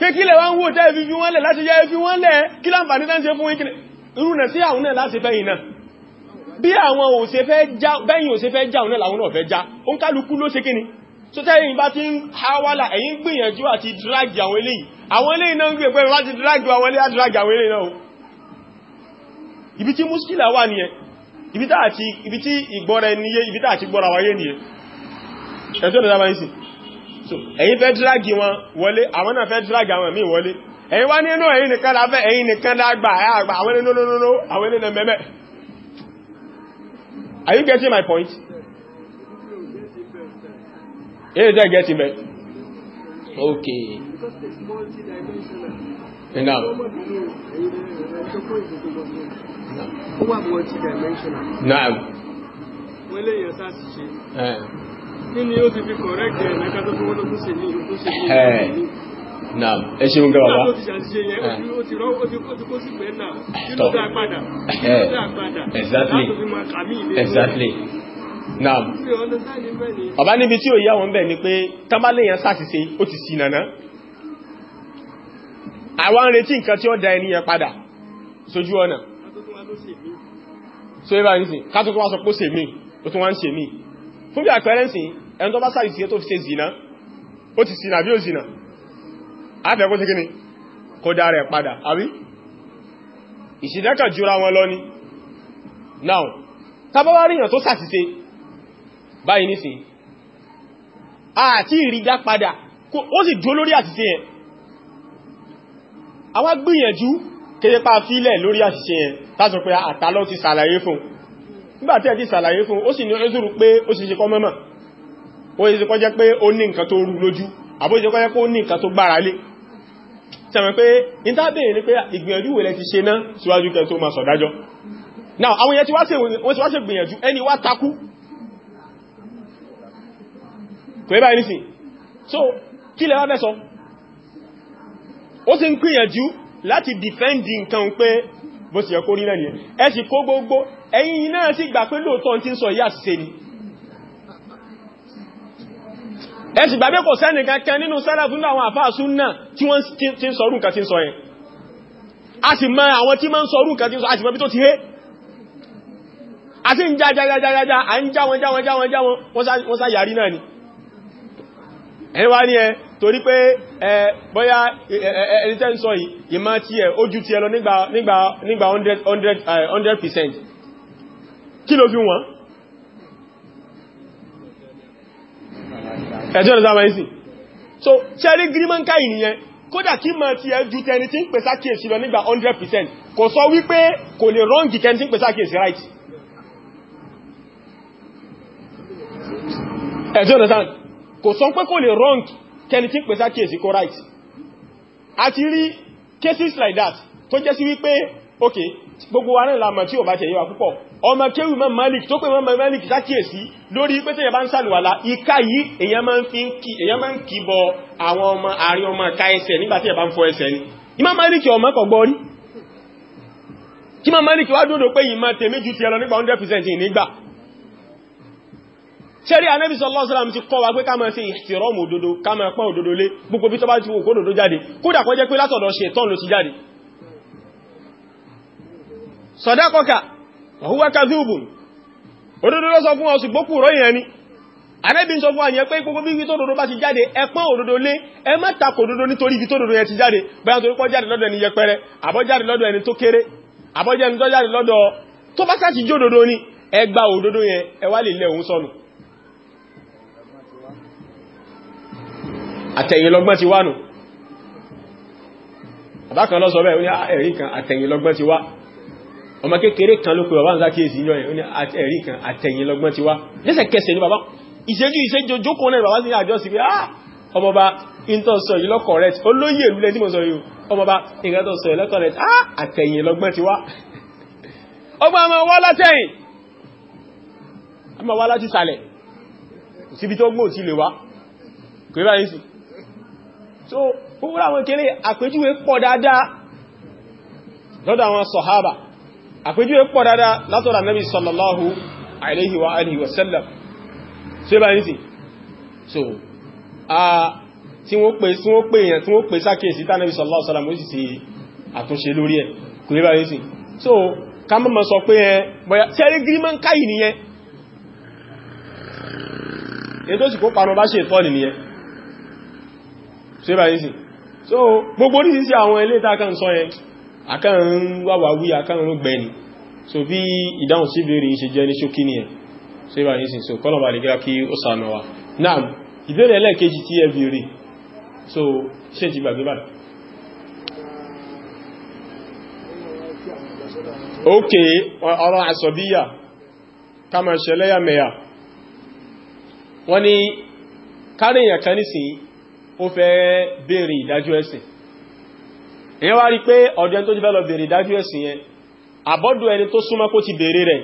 pé kí lẹ wá ń wò tẹ́ fi fi wọ́n lẹ̀ láti yẹ fi wọ́n lẹ̀ kí láǹfààní láti fún ìkìlẹ̀ irúnà sí àwọn náà láti fẹ́yìn náà bí àwọn bẹ́yìn ò ṣe fẹ́ já òun láwọn náà fẹ́ já ó ń kálukú ló ṣe kíni tó tẹ́yìn bá ti ń háwálà ẹ̀yin gbìyànjú àti dráàgì àwọn eléyìí àwọn eléyìí náà ń gbé pẹ́ ibi tí múṣkìlà wà nìyẹn ibi tá àti ibi tí ìgbọ́ra ẹniyé ibi tá àti gbọ́ra wáyé nìyẹ ẹ̀tọ́ lè dábàá ìsìn so ẹ̀yin fẹ́ dráàgì wọn wọlé àwọn náà fẹ́ dráàgì àwọn míì wọlé ẹ̀yin wá nínú ẹ̀yin nìkan láfẹ́ ẹ̀yin nìkan lágbà àgbà àwọn ẹni nónónó àwọn ẹni mẹ́mẹ́ are you getting my point? Hey, they're getting it. Okay. Because Now ó wà multidimensional. náà. wọ́n lè yàn sáà sì ṣe. kí ó ti fi correct ẹ̀ náà ká fún wọn ló kún ní ìlú sí ní ìlú. Naam, ẹ ṣeun gẹ́gẹ́ bàbá. Ó exactly, exactly. Naam. Bàbá níbi tí ò yá wọn bẹ̀ ni pé, tábàlẹ̀yàn ṣàṣìṣe, ó ti sí nàná àwọn retí nǹkan tí ó da ẹniyàn padà sójú ọ̀nà so eba nsin ká tó tó wá sọ pé ṣe mí ó tún wá ń ṣe mí fún bí àpẹẹrẹ nsin ẹni tó bá sáàrì sí tó fi ṣe zìnà ó ti ṣìnà bí ó ṣìnà áfẹ́ kó ṣe kí ni kó dá rẹ̀ padà àbí ìṣìdẹ́kà jura wọn lọ ni now tábọ́wá ríyàn tó sàṣìṣe báyìí nísìn àti ìrìdá padà ó sì dúró lórí àṣìṣe yẹn àwa gbìyànjú kéde pa fílẹ̀ lórí àṣìṣe yẹn tásọ pé àtàlọ́ ti sàlàyé fún nígbà tí ẹ ti sàlàyé fún ó sì ní ẹ́sùrù pé ó sì ṣe kọ́ mọ́mọ̀ ó sì kọ́ jẹ́ pé ó ní nǹkan tó rú lójú àbó ìṣẹ́kọ́ now àwọn yẹn ti wá ṣe gbìyànjú ẹni wá so kí lẹ wá bẹ́ sọ ó sì ń gbìyànjú láti defending nǹkan pé bó sì yẹ rí ẹ sì kó gbogbo ẹ̀yin náà sì gbà pé lóòótọ́ tí ń sọ ni ẹ sì gbà pé kò sẹ́nì kankan nínú sálàfún àwọn àfáàsún náà tí wọ́n ti ń sọ a ma a torí pé bóyá ẹni tẹ́ ń sọ yìí ìmọ̀ tí ẹ ojú ti ẹ lọ nígbà 100% kí ló fi wọ́n ẹjọ́ ìrọ̀sá wáyé sí so cherry greenman káyì nìyẹn kódà kí ma ti ẹ ju tẹni tí ń pèsà kíèsì lọ nígbà 100% kò sọ wípé kò lè rọ́ǹgì kẹni right ẹjọ́ ìrọ̀sá kò sọ pé kò lè rọ́ǹgì kẹni tí pèsè kíyèsí kó right a ti rí cases like that tó jẹ́ sí wípé ok gbogbo wa náà lámọ̀ tí ò bá tẹ̀ yíwa púpọ̀ ọmọ kéwì mọ́ malik tó pè mọ́ malik sákíyèsí lórí pé tẹ́yẹ bá ń sàlùwàlá ìka yìí èyàn máa ń fi ń kí èyàn máa ń kí bọ àwọn ọmọ àárín ọmọ ká ẹsẹ̀ nígbà tẹ́yẹ bá ń fọ ẹsẹ̀ ni ìmọ̀ malik ọmọ kọ̀ gbọ́ rí kí mọ́ malik wá dúdò pé ìmọ̀ tèmi ju ti ẹ lọ nígbà 100% nígbà ṣẹ́rí anẹ́bí sallallahu alaihi wasallam ti kọ́ wa pé ká máa ṣe ìhtìrọ́mù òdodo ká máa pọ́n òdodo lé gbogbo bí tó bá ti wò kódòdó jáde kódà kó jẹ́ pé látọ̀dọ̀ ṣẹ̀tán ló ti jáde sadaqaka wa huwa kadhubun ló ni anẹ́bí sọ fún àyẹ́ pé gbogbo bí ibi tó dodo bá ti jáde ẹ pọ́n òdodo lé ẹ má takò òdodo nítorí ibi tó dodo yẹn ti jáde ni ẹ gba òdodo yẹn ẹ wá lè lẹ òun sọnù àtẹ̀yìnlọ́gbọ́n ti wá nù àbákan lọ́sọ bẹ́ẹ̀ ní ah, ẹ̀rí kan àtẹ̀yìnlọ́gbọ́n ti wá ọmọ kékeré kan ló pè bàbá ń sákíyèsí yọ ẹ̀ ní ah, ẹ̀rí kan àtẹ̀yìnlọ́gbọ́n ti wá lẹ́sẹ̀kẹsẹ̀ ní bàbá ìṣẹ́jú ìṣẹ́jú jókòó náà bàbá sí àjọ ah ọmọba ìntọ́ sọ yìí lọ́kọ̀ rẹ̀ olóyè ìlú lẹ́tí mo sọ yìí ọmọba ìgbẹ́tọ̀ ah àtẹ̀yìnlọ́gbọ́n ti wá ọgbọ́n ọmọ wá látẹ̀yìn ọmọ wá láti sàlẹ̀ síbi sí so gbogbo àwọn kéré àpèjúwe pọ̀ dáadáa lọ́dọ̀ àwọn sọ̀hábà àpèjúwe pọ̀ dáadáa látọ̀dọ̀ Ànábì sallallahu alaihi wa alihi wa sallam ṣe bá yìí so a tí wọ́n pè tí wọ́n pè èèyàn tí wọ́n pè sákèsí tánàbí sallallahu alaihi sallam ó sì ṣe àtúnṣe lórí ẹ̀ kò ní bá yìí so ká mọ́ sọ pé ẹ bọ̀yá tẹ́rí gírímọ̀ ń káyì nìyẹn ètò sì kó parun ṣe bá sí so gbogbo ní sí àwọn ilé ìtàkà sọ yẹn akán wàwàwí akán ń gbẹ̀ ni so bí ìdáhùn sí ìbéèrè ṣe jẹ́ ní ṣókí ni ẹ̀ ṣe bá sí so kọ́nà bá kí ó sànà wa náà ìbéèrè ẹlẹ́ẹ̀kejì tí ẹ kama ṣẹlẹ́yàmẹ̀yà wọ́n ni káríyàn ó fẹ́ béèrè ìdájọ́ ẹ̀sìn èyàn wá rí pé ọ̀dọ̀ ẹni tó ti fẹ́ lọ béèrè ìdájọ́ ẹ̀sìn yẹn àbọ́dọ̀ ẹni tó súnmọ́ kó ti béèrè rẹ̀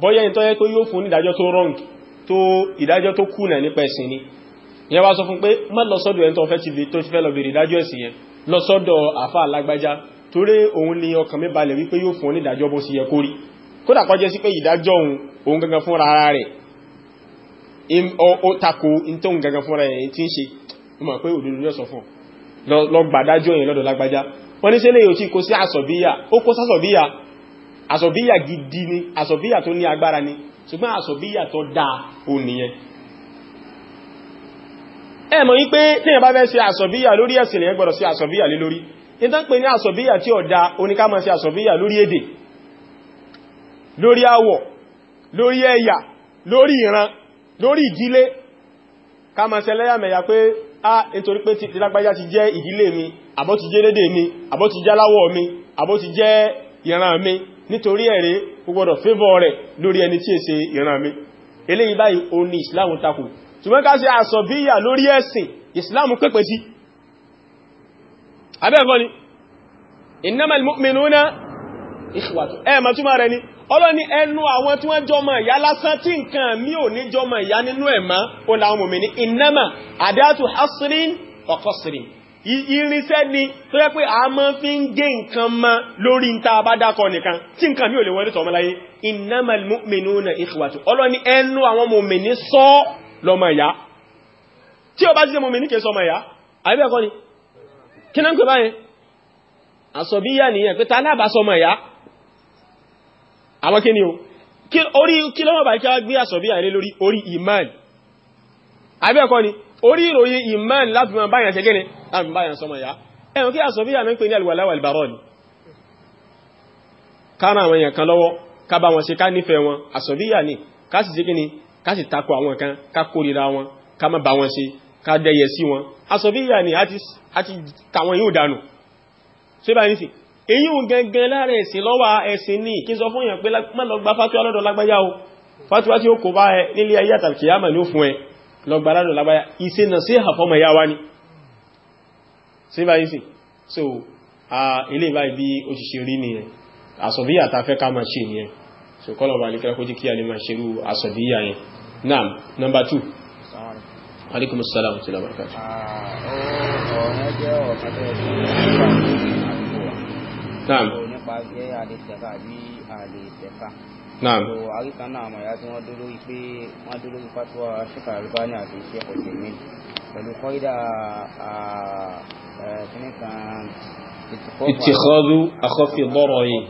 bọ́yẹ́ ẹni tó yẹ pé yóò fún ìdájọ́ tó wrong tó ìdájọ́ tó kùnà nípa ẹ̀sìn ni ìyẹn wá sọ fún pé má lọ sọ́dọ̀ ẹni si ó mọ̀ pé òdodo ní ọ̀sán fún lọ gbàdájọ́ yẹn lọ́dọ̀ lágbájá wọ́n ní ṣe lè yóò tí kó sí àsọ̀bíyà gidi ni àsọ̀bíyà tó ní agbára ni ṣùgbọ́n àsọ̀bíyà tó dáa ò nìyẹn ẹ mọ̀ yí pé téèyàn bá fẹ́ ṣe àsọ̀bíyà lórí ẹ̀sìn lèyàn gbọ́dọ̀ ṣe àsọ̀bíyà lé lórí ìtàn pé ní àsọ̀bíyà tí ó dáa ó ní ká máa ṣe ìran lórí ìdílé ká máa ṣe pé Ah, nítorí pé ti lágbájá ti jẹ́ ìdílé mi àbọ́ ti jẹ́ lédè mi àbọ́ ti jẹ́ aláwọ̀ mi àbọ́ ti jẹ́ ìran mi nítorí ẹ̀rẹ́ gbogbo fẹ́bọ̀ rẹ̀ lórí ẹni tí è ìran mi eléyìí báyìí o ní Islam takò ṣùgbọ́n ká ṣe àsọ̀bíyà lórí ẹ̀sìn Islam pẹ́pẹ́ sí abẹ́ẹ̀kọ́ ni innamal mu'minuna ìṣùwàtò ẹ̀mọ̀ túnmà rẹ̀ ni ọlọ́ni ẹnu àwọn tí wọ́n jọmọ̀ ìyá lásán tí nǹkan mí ò ní jọmọ̀ ìyá nínú ẹ̀mọ́ ó láwọn mòmí ní ìnámà àdáàtù hasrin ọkọsrin irinṣẹ́ ni tó yẹ pé a máa fi ń gé nǹkan mọ́ lórí níta abádákọ nìkan tí nǹkan mí ò lè wọlé tọmọláyé ìnámà mu'minuna ìṣùwàtò ọlọ́ni ẹnu àwọn mòmí ní sọ lọmọ ìyá tí ó bá jíjẹ mòmí ní kìí sọmọ ìyá àbẹ́ẹ̀kọ́ ni kí náà ń pè báyẹn àsọ̀bíyà nìyẹn pé ta alábàásọmọ ìyá àwọn kí ni o orí kí lọ́wọ́ bá kí a gbé àṣọ̀bí àìlé lórí orí iman abẹ́ẹ̀kọ́ ni orí ìròyìn iman láti mọ̀ báyàn ṣe gẹ́ni láti báyàn sọmọ ya ẹ̀wọ̀n kí àṣọ̀bí àmì ń pè ní alwàláwà albarọ́ ni kára àwọn èèyàn kan lọ́wọ́ ká bá wọn ṣe ká nífẹ̀ẹ́ wọn àṣọ̀bí yà ni ká sì ṣe gẹ́ni ká sì takò àwọn kan ká kórìíra wọn ká má bá èyí ò gẹngẹn láàrin ẹ̀sìn lọ́wọ́ ẹ̀sìn ní kí sọ fún èèyàn pé má lọ gba fatiwa lọ́dọ̀ lágbájá o fatiwa tí ó kò bá ẹ nílé ayé àtàkìyàmà ní ó fún ẹ lọ́gbà lọ́dọ̀ lágbájá ìṣe nà sí àfọmọ̀ ya wá ní sí báyìí sí so ilé ìbáyìí bí ó ṣe rí nìyẹn àsọ̀bíyà ta fẹ́ ká máa ṣe nìyẹn so kọ́lọ̀ bá alikẹ́lá kó jí kí a lè máa ṣerú àsọ̀bíyà yẹn naam number two alaikum salam wa rahmatullahi wa barakatuh ah, Naam. Nípa jẹ́ àlètẹ̀ka àbí àlètẹ̀ka. Naam. So àríkà náà àmọ̀ ìyá tí wọ́n dúró lórí pé wọ́n dúró lórí pátúwà ṣíkà àrùbá ní àti iṣẹ́ ọ̀sẹ̀ mi. Pẹ̀lú kọ́ídà kìnnìkan ìtìkọ́dú àkọ́fì bọ́rọ̀ yìí.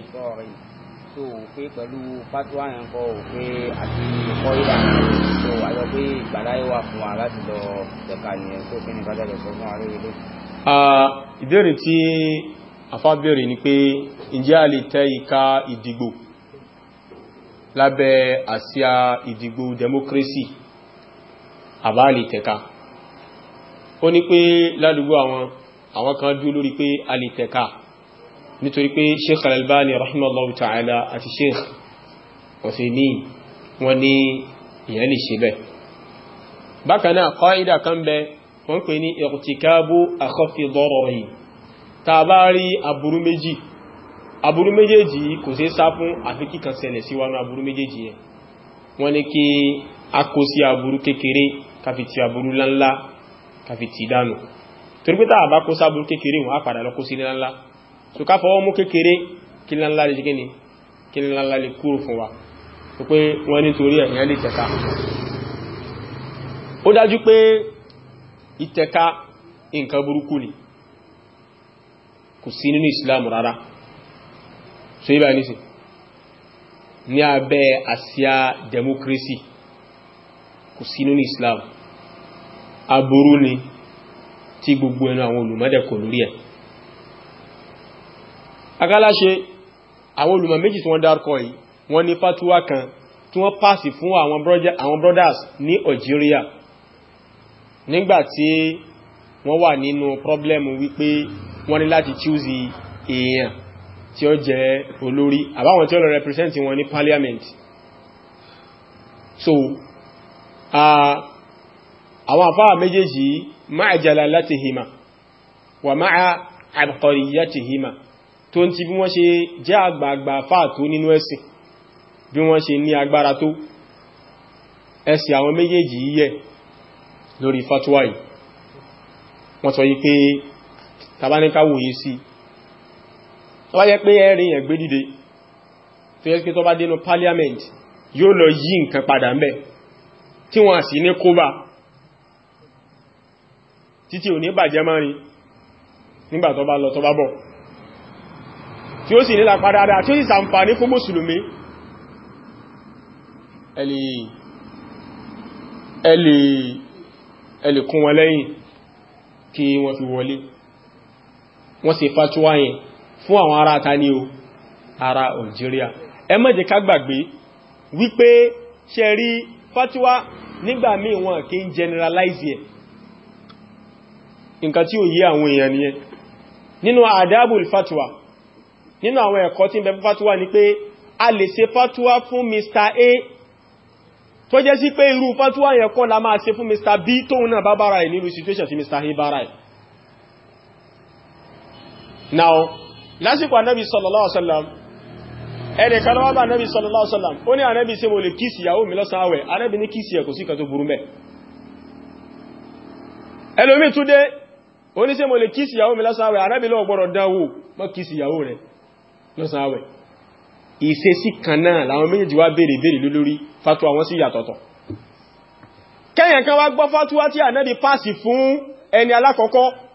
So pé pẹ̀lú pátúwà yẹn kọ́ ò pé àti kọ́ídà so àjọ pé ìgbàláyé wà fún wa láti lọ ṣẹ̀ka nìyẹn tó kí ni bá dẹ̀ sọ fún wa lórí ilé. Ìbéèrè tí afábẹ̀rẹ̀ ni pé ǹjẹ́ a lè tẹ́ ìka ìdìgbò lábẹ́ àsíá ìdìgbò democracy àbá lè tẹ̀ka ó ní pé ládùúgbò àwọn àwọn kan dúró lórí pé a lè tẹ̀ka nítorí pé sheikh al-albani rahimahullahu ta'ala àti sheikh Uthaymeen wọ́n ní ìyẹn lè ṣe bẹ́ẹ̀ bákan náà qaida kan bẹ wọ́n pè ní irtikabu akhaffi dararayn tàbá rí aburú méjì aburú méjèèjì kò ṣe sá fún àfi kíkan ṣẹlẹ̀ sí wánú aburú méjèèjì yẹn wọ́n ní kí a kó sí aburú kékeré káfi ti aburú ńláńlá káfi ti dànù torí pé tàbá kó sí aburú kékeré wọn á lọ kó sí ńláńlá so ká fọwọ́ mú kékeré kí ńláńlá lè jẹ́ kí ńláńlá lè kúrò fún wa so pé wọ́n nítorí ẹ̀yàn lè tẹ̀ka ó dájú pé ìtẹ̀ka nǹkan burúkú ni kò sí nínú islam rárá so yíba ní sí ní abẹ́ àsíá democracy kò sí nínú islam aburú ni tí gbogbo ẹnu àwọn olùmọ́dẹ̀kọ̀ lórí ẹ̀ agáláṣe àwọn olùmọ̀ méjì tí wọ́n dárúkọ yìí wọ́n ní fatuwa kan tí wọ́n pàṣì fún àwọn brothers ní Algeria nígbàtí wọ́n wà nínú no pọ́blẹ́mù wípé wọ́n ní láti chúzi èèyàn tí ó jẹ́ olórí àbáwọn tí ó lọ represent wọn ní parliament so àwọn àfáà méjèèjì máa jàlá láti hìmà wà máa àbkọ̀ríyà ti hìmà tó ń ti bí wọ́n ṣe jẹ́ àgbààgbà fáà tó nínú ẹ̀sìn bí wọ́n ṣe ní agbára tó ẹ̀sìn àwọn méjèèjì yíyẹ lórí fatuwa yìí wọ́n sọ yí pé tàbáníká wòye sí tó bá jẹ́ pé ẹ̀rin yẹn gbé dìde tó yẹ pé tó bá dénú parliament yóò lọ yí nǹkan padà ń bẹ̀ tí wọ́n sì ní kóbà títí ò ní bàjẹ́ mọ́rin nígbà tó bá lọ tó bá bọ̀ tí ó sì nílà padàdà tí ó sì ṣàǹfààní fún mùsùlùmí ẹlì wọn lẹ́yìn kí wọ́n fi wọlé wọ́n ṣe fatuwa yẹn fún àwọn ará ta ní o ará Algeria ẹ má jẹ́ ká gbàgbé wípé ṣe rí fatuwa nígbà míì wọn kí ń generalize ẹ̀ nǹkan tí ò yé àwọn èèyàn nìyẹn nínú adabul fatuwa nínú àwọn ẹ̀kọ́ tí ń bẹ fún fatuwa ni pé a lè ṣe fatuwa fún Mr. A tó jẹ́ sí pé irú fatuwa yẹn kọ́ la máa ṣe fún Mr. B tóun náà bá bára ẹ̀ nínú situation tí Mr. A bára ẹ̀ now lásìkò anábi sallallahu alaihi wasallam ẹni kan lọ́wọ́ bá anábi sallallahu alaihi wasallam ó ní anábi ṣé mo lè kíìsì ìyàwó mi lọ́sàn àwẹ̀ anábi ní kíìsì ẹ̀ kò sí kan tó burú mẹ́ ẹlòmí tún dé ó ní ṣé mo lè kíìsì ìyàwó mi lọ́sàn àwẹ̀ anábi lọ́wọ́ gbọ́dọ̀ dánwò mọ́ kíìsì ìyàwó rẹ̀ lọ́sàn àwẹ̀ ìṣesí kan náà làwọn méjèèjì wá béèrè béèrè lórí fatuwa wọn sí yàtọ̀tọ̀ kẹ́yàn kan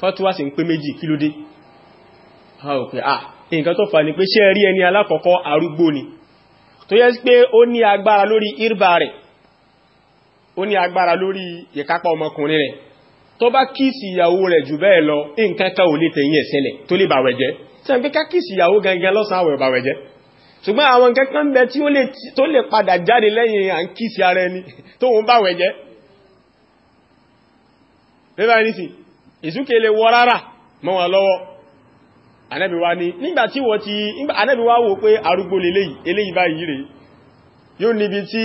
fatuwa sì ń pé méjì kí ló dé ha ò pé ah nǹkan tó fà ní pé ṣé rí ẹni alákọ̀ọ́kọ́ arúgbó ni tó yẹ pé ó ní agbára lórí irba rẹ̀ ó ní agbára lórí ìkápá ọmọkùnrin rẹ̀ tó bá kíìsì ìyàwó rẹ̀ jù bẹ́ẹ̀ lọ nǹkan kan ò lè tẹ̀yìn ẹ̀sẹ̀lẹ̀ tó lè bàwẹ̀ jẹ́ sẹ́yìn pé ká kíìsì ìyàwó gangan lọ́sàn-án àwẹ̀ bàwẹ̀ jẹ́ ṣùgbọ́n ní sìn ìsúkèlè wọ rárá mọ́ wọn lọ́wọ́ anẹ́bí wá ní nígbàtí wọ́n ti anẹ́bí wá wò pé arúgbó lélẹ́yìí eléyìí báyìí rèé yóò níbi tí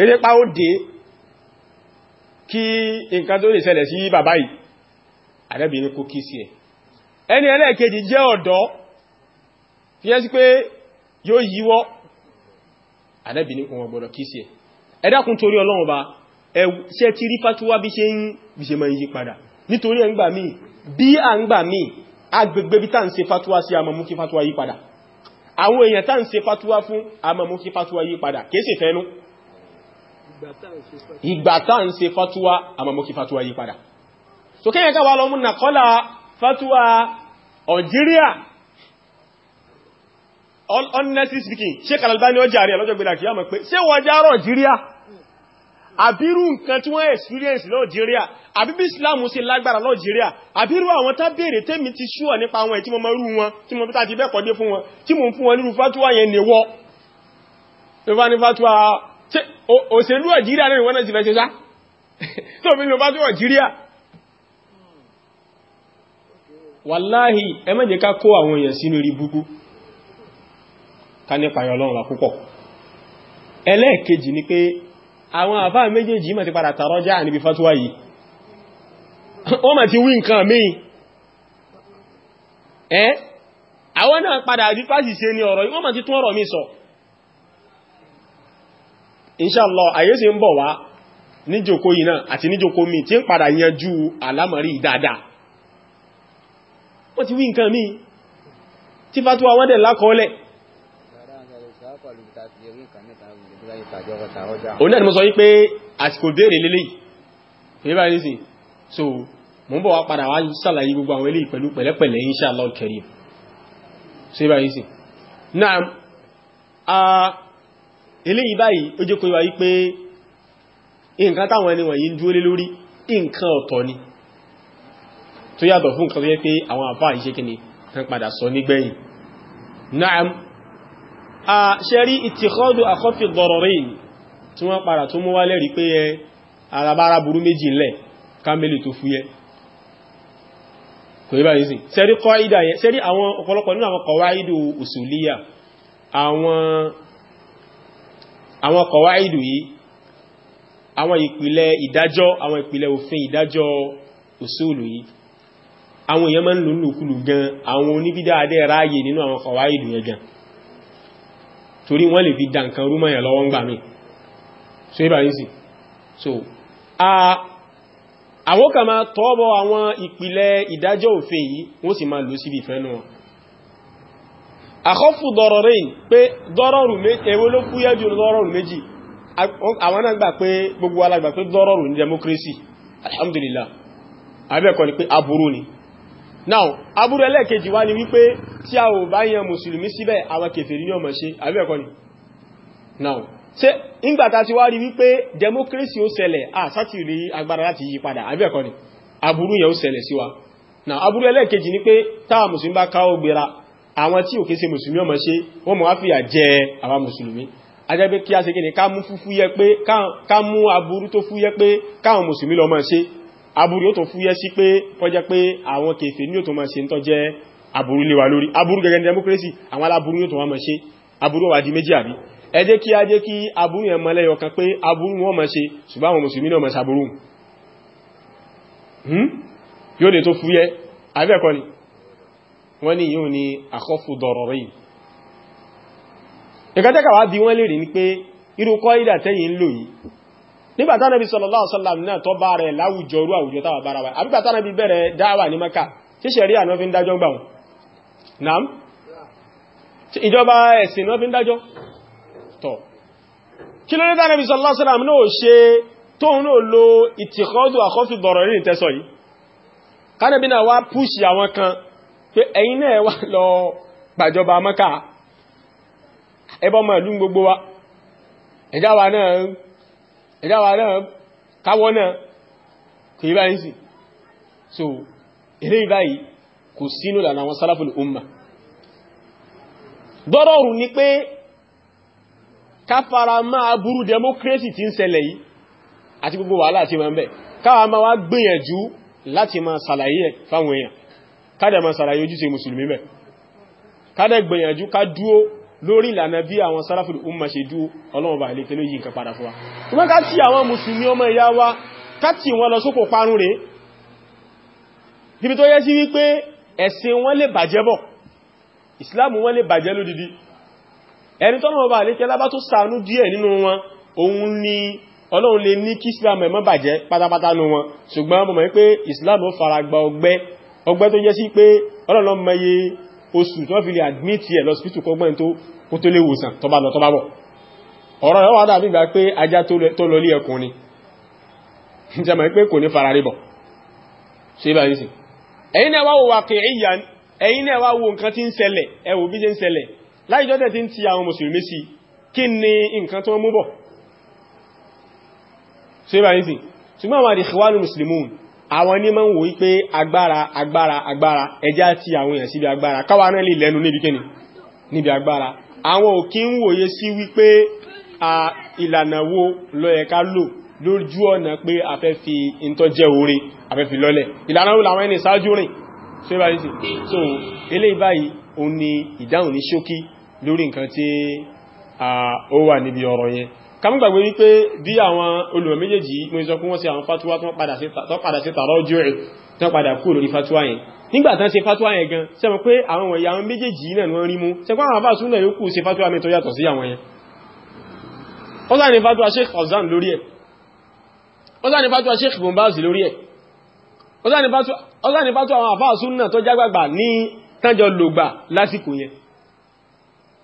erépa ó dé kí nǹkan tó lè ṣẹlẹ̀ sí bàbá yìí anẹ́bí ní kó kí sí ẹ̀ ẹni ẹlẹ́ẹ̀kejì jẹ́ ọ̀dọ́ fi sí ẹ̀ ẹ̀dàkùn rí fatuwa bí ṣe ń bí ṣe máa yí padà nítorí ẹ̀ ń gbà míì bí a ń gbà míì agbègbè bí tá ń ṣe fatuwa sí àmọ́ mú kí fatuwa yí padà àwọn èèyàn tá ń fatuwa fún àmọ́ kí fatuwa yí padà kìí fẹ́nu ìgbà tá ń fatuwa àmọ́ kí fatuwa yí padà so kéyàn ká wà lọ mú nàkọ́lá fatuwa Algeria honestly speaking Sheikh Al-Albani ọjà rẹ̀ lọ́jọ́ gbẹ̀dà kìí àmọ́ pé ṣé wọ́n járọ̀ Algeria àbírú nǹkan tí wọ́n experience lọ́jẹ́ríà àbíbí islam ṣe lágbára lọ́jẹ́ríà àbírú àwọn tá bèèrè tẹ́mi ti ṣúọ̀ nípa àwọn ẹ̀tí mọ́mọ́ rú wọn tí mo pítà ti bẹ́ẹ̀kọ́ fún wọn tí mo ń fún wọn nínú fatuwa yẹn ni wọ́ òṣèlú Nàìjíríà náà wọ́n náà ti fẹ́ ṣe sá tó bí lọ fatuwa Nàìjíríà wàláhì ẹ má jẹ́ ká kó àwọn èèyàn sínú rí búkú ká nípa Ọlọ́run wa ẹlẹ́ẹ̀kejì ni pé àwọn àfá méjèèjì ma ti padà tààrọ já níbi fatuwa yìí wọ́n ma ti wí nǹkan míì ẹ́ àwọn náà padà àdípàṣì ṣe ní ọ̀rọ̀ yìí wọ́n ma ti tún ọ̀rọ̀ mi sọ inshallah ayé sì ń bọ̀ wá níjòkó yìí náà àti níjòkó mi tí ń padà yanjú àlámọ̀rí dáadáa wọ́n ti wí nǹkan míì tí fatuwa wọ́n dẹ̀ lákọọ́lẹ̀ òun náà ni mo sọ wípé àsìkò béèrè lélẹ́yìí nígbà nísìn so mo ń bọ̀ wá padà wá ṣàlàyé gbogbo àwọn eléyìí pẹ̀lú pẹ̀lẹ́pẹ̀lẹ́ insha Allah karim a eléyìí báyìí ó jẹ́ kó wá wípé nǹkan táwọn ẹni wọ̀nyí ń dúó lé lórí nǹkan ọ̀tọ̀ ni tó yàtọ̀ fún nǹkan ṣẹ́rí ìtìkọ́dù àkọ́fì gọ̀rọ̀rìn tí wọ́n padà tó mú wálẹ̀ rí pé ẹ alábára burú méjì ńlẹ̀ kámẹ́lì tó fúyẹ́ kò yíba yìí sí ṣẹ́rí kọ́ ìdà yẹn ṣẹ́rí àwọn ọ̀pọ̀lọpọ̀ nínú àwọn kọ̀wá ìdù òṣùlíyà àwọn kọ̀wá ìdù yìí àwọn ìpìlẹ̀ ìdájọ́ àwọn ìpìlẹ̀ òfin ìdájọ́ òṣùlù yìí àwọn èèyàn máa ń lò lòkulù gan àwọn oníbídà adẹ́ nínú àwọn kọ̀wá ìdù yẹn gan torí wọ́n lè fi dá nǹkan rú mọ́yàn lọ́wọ́ ń gbà mí so ibà ní sí so àwọn kan máa tọ́ọ̀bọ̀ àwọn ìpìlẹ̀ ìdájọ́ òfin yìí wọ́n sì máa lò síbi ìfẹ́ náà àkọ́fù dọ̀rọ̀rìn pé dọ́rọ̀rù méjì alhamdulillah abẹ́ẹ̀kọ́ ni pé aburú now aburú ẹlẹ́ẹ̀kejì wá ní wípé tí a ò bá yan mùsùlùmí síbẹ̀ àwọn kèfèrí ní ọmọ ṣe àbí ẹ̀kọ́ ni now ṣe ìgbàta ti wá rí wípé democracy ó ṣẹlẹ̀ àsátì rí agbára láti yí padà àbí ẹ̀kọ́ ni aburú yẹn ó ṣẹlẹ̀ sí wa now aburú ẹlẹ́ẹ̀kejì ni pé táwa mùsùlùmí bá káwọ́ gbéra àwọn tí òkè ṣe mùsùlùmí ọmọ ṣe wọ́n mọ̀ wá fìyà jẹ àwọn mùsùlùmí ajẹ́bẹ́ kí a ṣe kí ni ká mú fúfú yẹ pé káwọn mùsùlùmí lọ ṣe aburú yóò tó fúyẹ́ sí pé kọjá pé àwọn kèfè ní yóò tó máa ṣe ń tọ́jẹ́ aburú lé wa lórí aburú gẹ́gẹ́ ní democracy àwọn aláburú yóò tó wá máa ṣe aburú wà di méjì àbí ẹ jẹ́ kí a jẹ́ kí aburú yẹn mọ́ lẹ́yọ pé aburú wọn máa ṣe ṣùgbọ́n àwọn mùsùlùmí náà máa ṣe hmm? yóò lè tó fúyẹ́ àbí ni wọ́n ní yóò ní àkọ́fù dọ̀rọ̀ nígbàtá nàbí sallallahu alaihi wasallam náà tó bá rẹ̀ láwùjọ orú àwùjọ táwà bára wa àbígbàtá nàbí bẹ̀rẹ̀ dáwà ní maka tí ṣẹ̀rí àná fi ń dájọ́ gbà wọn naam ìjọba ẹ̀sìn náà fi ń dájọ́ tọ̀ kí ló ní tánàbí sallallahu alaihi wasallam náà ṣe tóun náà lo ìtìkọ́dù àkọ́fì bọ̀rọ̀ ní ìtẹ́sọ yìí kánàbí náà wá púṣì àwọn kan pé ẹ̀yin náà wá wa náà ìdáwà náà káwọ́ náà kò yí báyìí sí so eré ìbáyìí kò sínú lànà àwọn sálàfùl umma dọ́rọ̀rù ni pé káfàrà máa burú democracy ti ń ṣẹlẹ̀ yìí àti gbogbo wàhálà àti ma ń bẹ̀ káwà máa wá gbìyànjú láti máa sàlàyé ẹ̀ fáwọn èèyàn kádẹ̀ máa sàlàyé ojúṣe mùsùlùmí bẹ̀ kádẹ̀ gbìyànjú ká dúó lórí ìlànà bí àwọn sáráfìlú umma ṣe dú ọlọ́ọ̀bà ilé tẹ́lú yìí nǹkan padà fún wa. wọ́n ká tí àwọn mùsùlùmí ọmọ ìyá wa ká tí wọ́n lọ sókò parun rẹ̀ níbi tó yẹ sí wípé ẹ̀sìn wọn lè bàjẹ́ bọ̀ ìsìláàmù wọn lè bàjẹ́ lódidi ẹni tọ́lọ́ọ̀bà ilé tẹ́lá bá ni ọlọ́run lè ní kí islam ẹ̀mọ́ bàjẹ́ pátápátá nù wọn ṣùgbọ́n mo mọ̀ pé islam ó fara gba ọgbẹ́ ọgbẹ́ tó jẹ́ sí pé ọlọ́run oṣù tó fi lè admit ẹ̀ lọ́sìpítù kọgbọ́n tó kó tó lè wòsàn tó bá lọ tó bá bọ̀ ọ̀rọ̀ rẹ̀ wà dàbí ìgbà pé ajá tó lọ lé ẹkùn ni jẹmọ̀ pé kò ní fara ríbọ̀ ṣe bá yìí sí ẹ̀yin náà wá wo wà kìí ìyà ẹ̀yin náà wá wo nǹkan tí ń ṣẹlẹ̀ ẹ wò bí jẹ́ ń ṣẹlẹ̀ láìjọ́ bọ̀ ṣe bá yìí sí ṣùgbọ́n àwọn àdìsíwálù àwọn ní máa ń pé agbára agbára agbára ẹjá ti àwọn èèyàn síbi agbára káwa náà lè lẹ́nu níbi kíni níbi agbára àwọn òkí ń wòye sí wípé a ìlànà wo ló yẹ ká lò lójú ọ̀nà pé a fẹ́ fi ìntọ́jẹ́ orí a fẹ́ fi lọ́lẹ̀ ìlànà wo làwọn ẹni sáájú rìn so báyìí sí so eléyìí báyìí òun ni ìdáhùn ní ṣókí lórí nǹkan tí ó wà níbi ọ̀rọ̀ yẹn kàmúgbàgbé wípé bí àwọn olùmọ̀ méjèèjì mo sọ pé wọ́n ṣe àwọn fatuwa tó padà sí tààrọ́ jù rẹ̀ tó padà kú lórí fatuwa yẹn nígbàtán ṣe fatuwa yẹn gan ṣe mọ̀ pé àwọn wọ̀nyí àwọn méjèèjì náà wọ́n rí mú ṣe pé àwọn àbáṣú náà yóò kú ṣe fatuwa mẹ́tọ́ yàtọ̀ sí àwọn yẹn ọ́sá ni fatuwa Sheikh Fawzan lórí ẹ̀ ọ́sá ni fatuwa Sheikh Bin Baz lórí ẹ̀ ọ́sá ni fatuwa àwọn àbáṣú náà tó jágbàgbà ní tánjọ lògbà lásìkò yẹn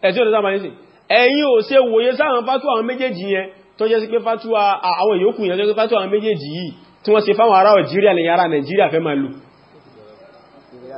ẹ̀sìn ọ̀dọ́ta máa ń sìn ẹ̀yin ò ṣe wòye sáwọn fatuwa àwọn méjèèjì yẹn tó jẹ́ sí pé fatuwa àwọn ìyókù yẹn tó jẹ́ sí pé fatuwa àwọn méjèèjì yìí tí wọ́n ṣe fáwọn ará Nàìjíríà lẹ́yìn ará Nàìjíríà fẹ́ máa lò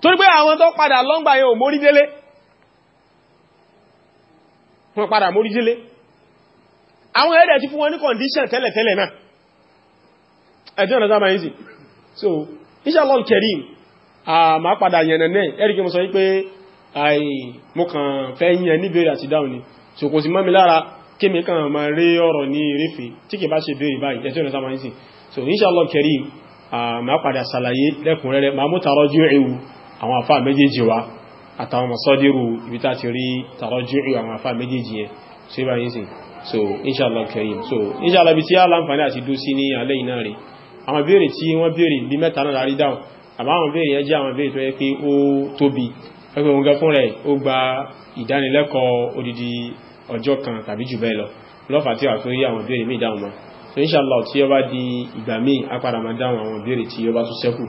torí pé àwọn tó padà lọ́ngbà yẹn ò mórí délé wọ́n padà mórí délé àwọn ẹ̀rẹ̀ ti fún wọn ní condition tẹ́lẹ̀tẹ́lẹ̀ náà ẹ̀tí ọ̀nà sáà máa yìí so inshallah kerim a máa padà yẹn nẹ̀ ẹ̀ríkì mo sọ wípé àì mo kàn fẹ́ yẹn ní so kò sí mọ́ mi lára kémi kan ma rí ọ̀rọ̀ ní rífì tí kì bá ṣe bèèrè báyìí ẹ̀tí ọ̀nà sáà máa so inshallah kerim a máa padà ṣàlàyé lẹ́kùnrẹ́rẹ́ máa mú tààrọ́ jú ẹ̀wù àwọn àfá méjèèjì wa àtàwọn masọ́dírù ibi tá ti rí tàrọjúrù àwọn àfá méjèèjì yẹn so ibà yìí sí so inshallah kareem. so inshallah bí tí a láǹfààní àti dó sí ní alẹ́ iná rẹ̀ àwọn béèrè tí wọ́n béèrè bí mẹ́ta náà rárí dáhùn àmọ́ àwọn béèrè yẹn jẹ́ àwọn béèrè tó yẹ pé ó tóbi pẹ́pẹ́ òun gan fún rẹ̀ ó gba ìdánilẹ́kọ̀ọ́ odidi ọjọ́ kan tàbí jù bẹ́ẹ̀ lọ lọ́fà tí wà fún rí àwọn béèrè míì dáhùn mọ́ so inshallah tí ó bá di ìgbà míì á padà máa dáhùn àwọn béèrè tí ó bá tún ṣẹ́kù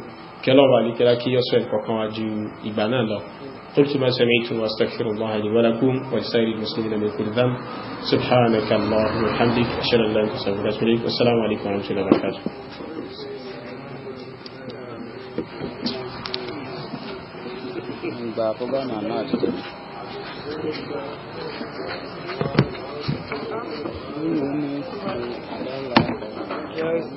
كلام عليك لك يسوع وقواجو إبانا الله قلت ما سمعت وأستغفر الله لي ولكم ولسائر المسلمين من كل ذنب سبحانك اللهم وبحمدك أشهد أن لا إله إلا أنت أستغفرك والسلام عليكم ورحمة الله وبركاته Thank you.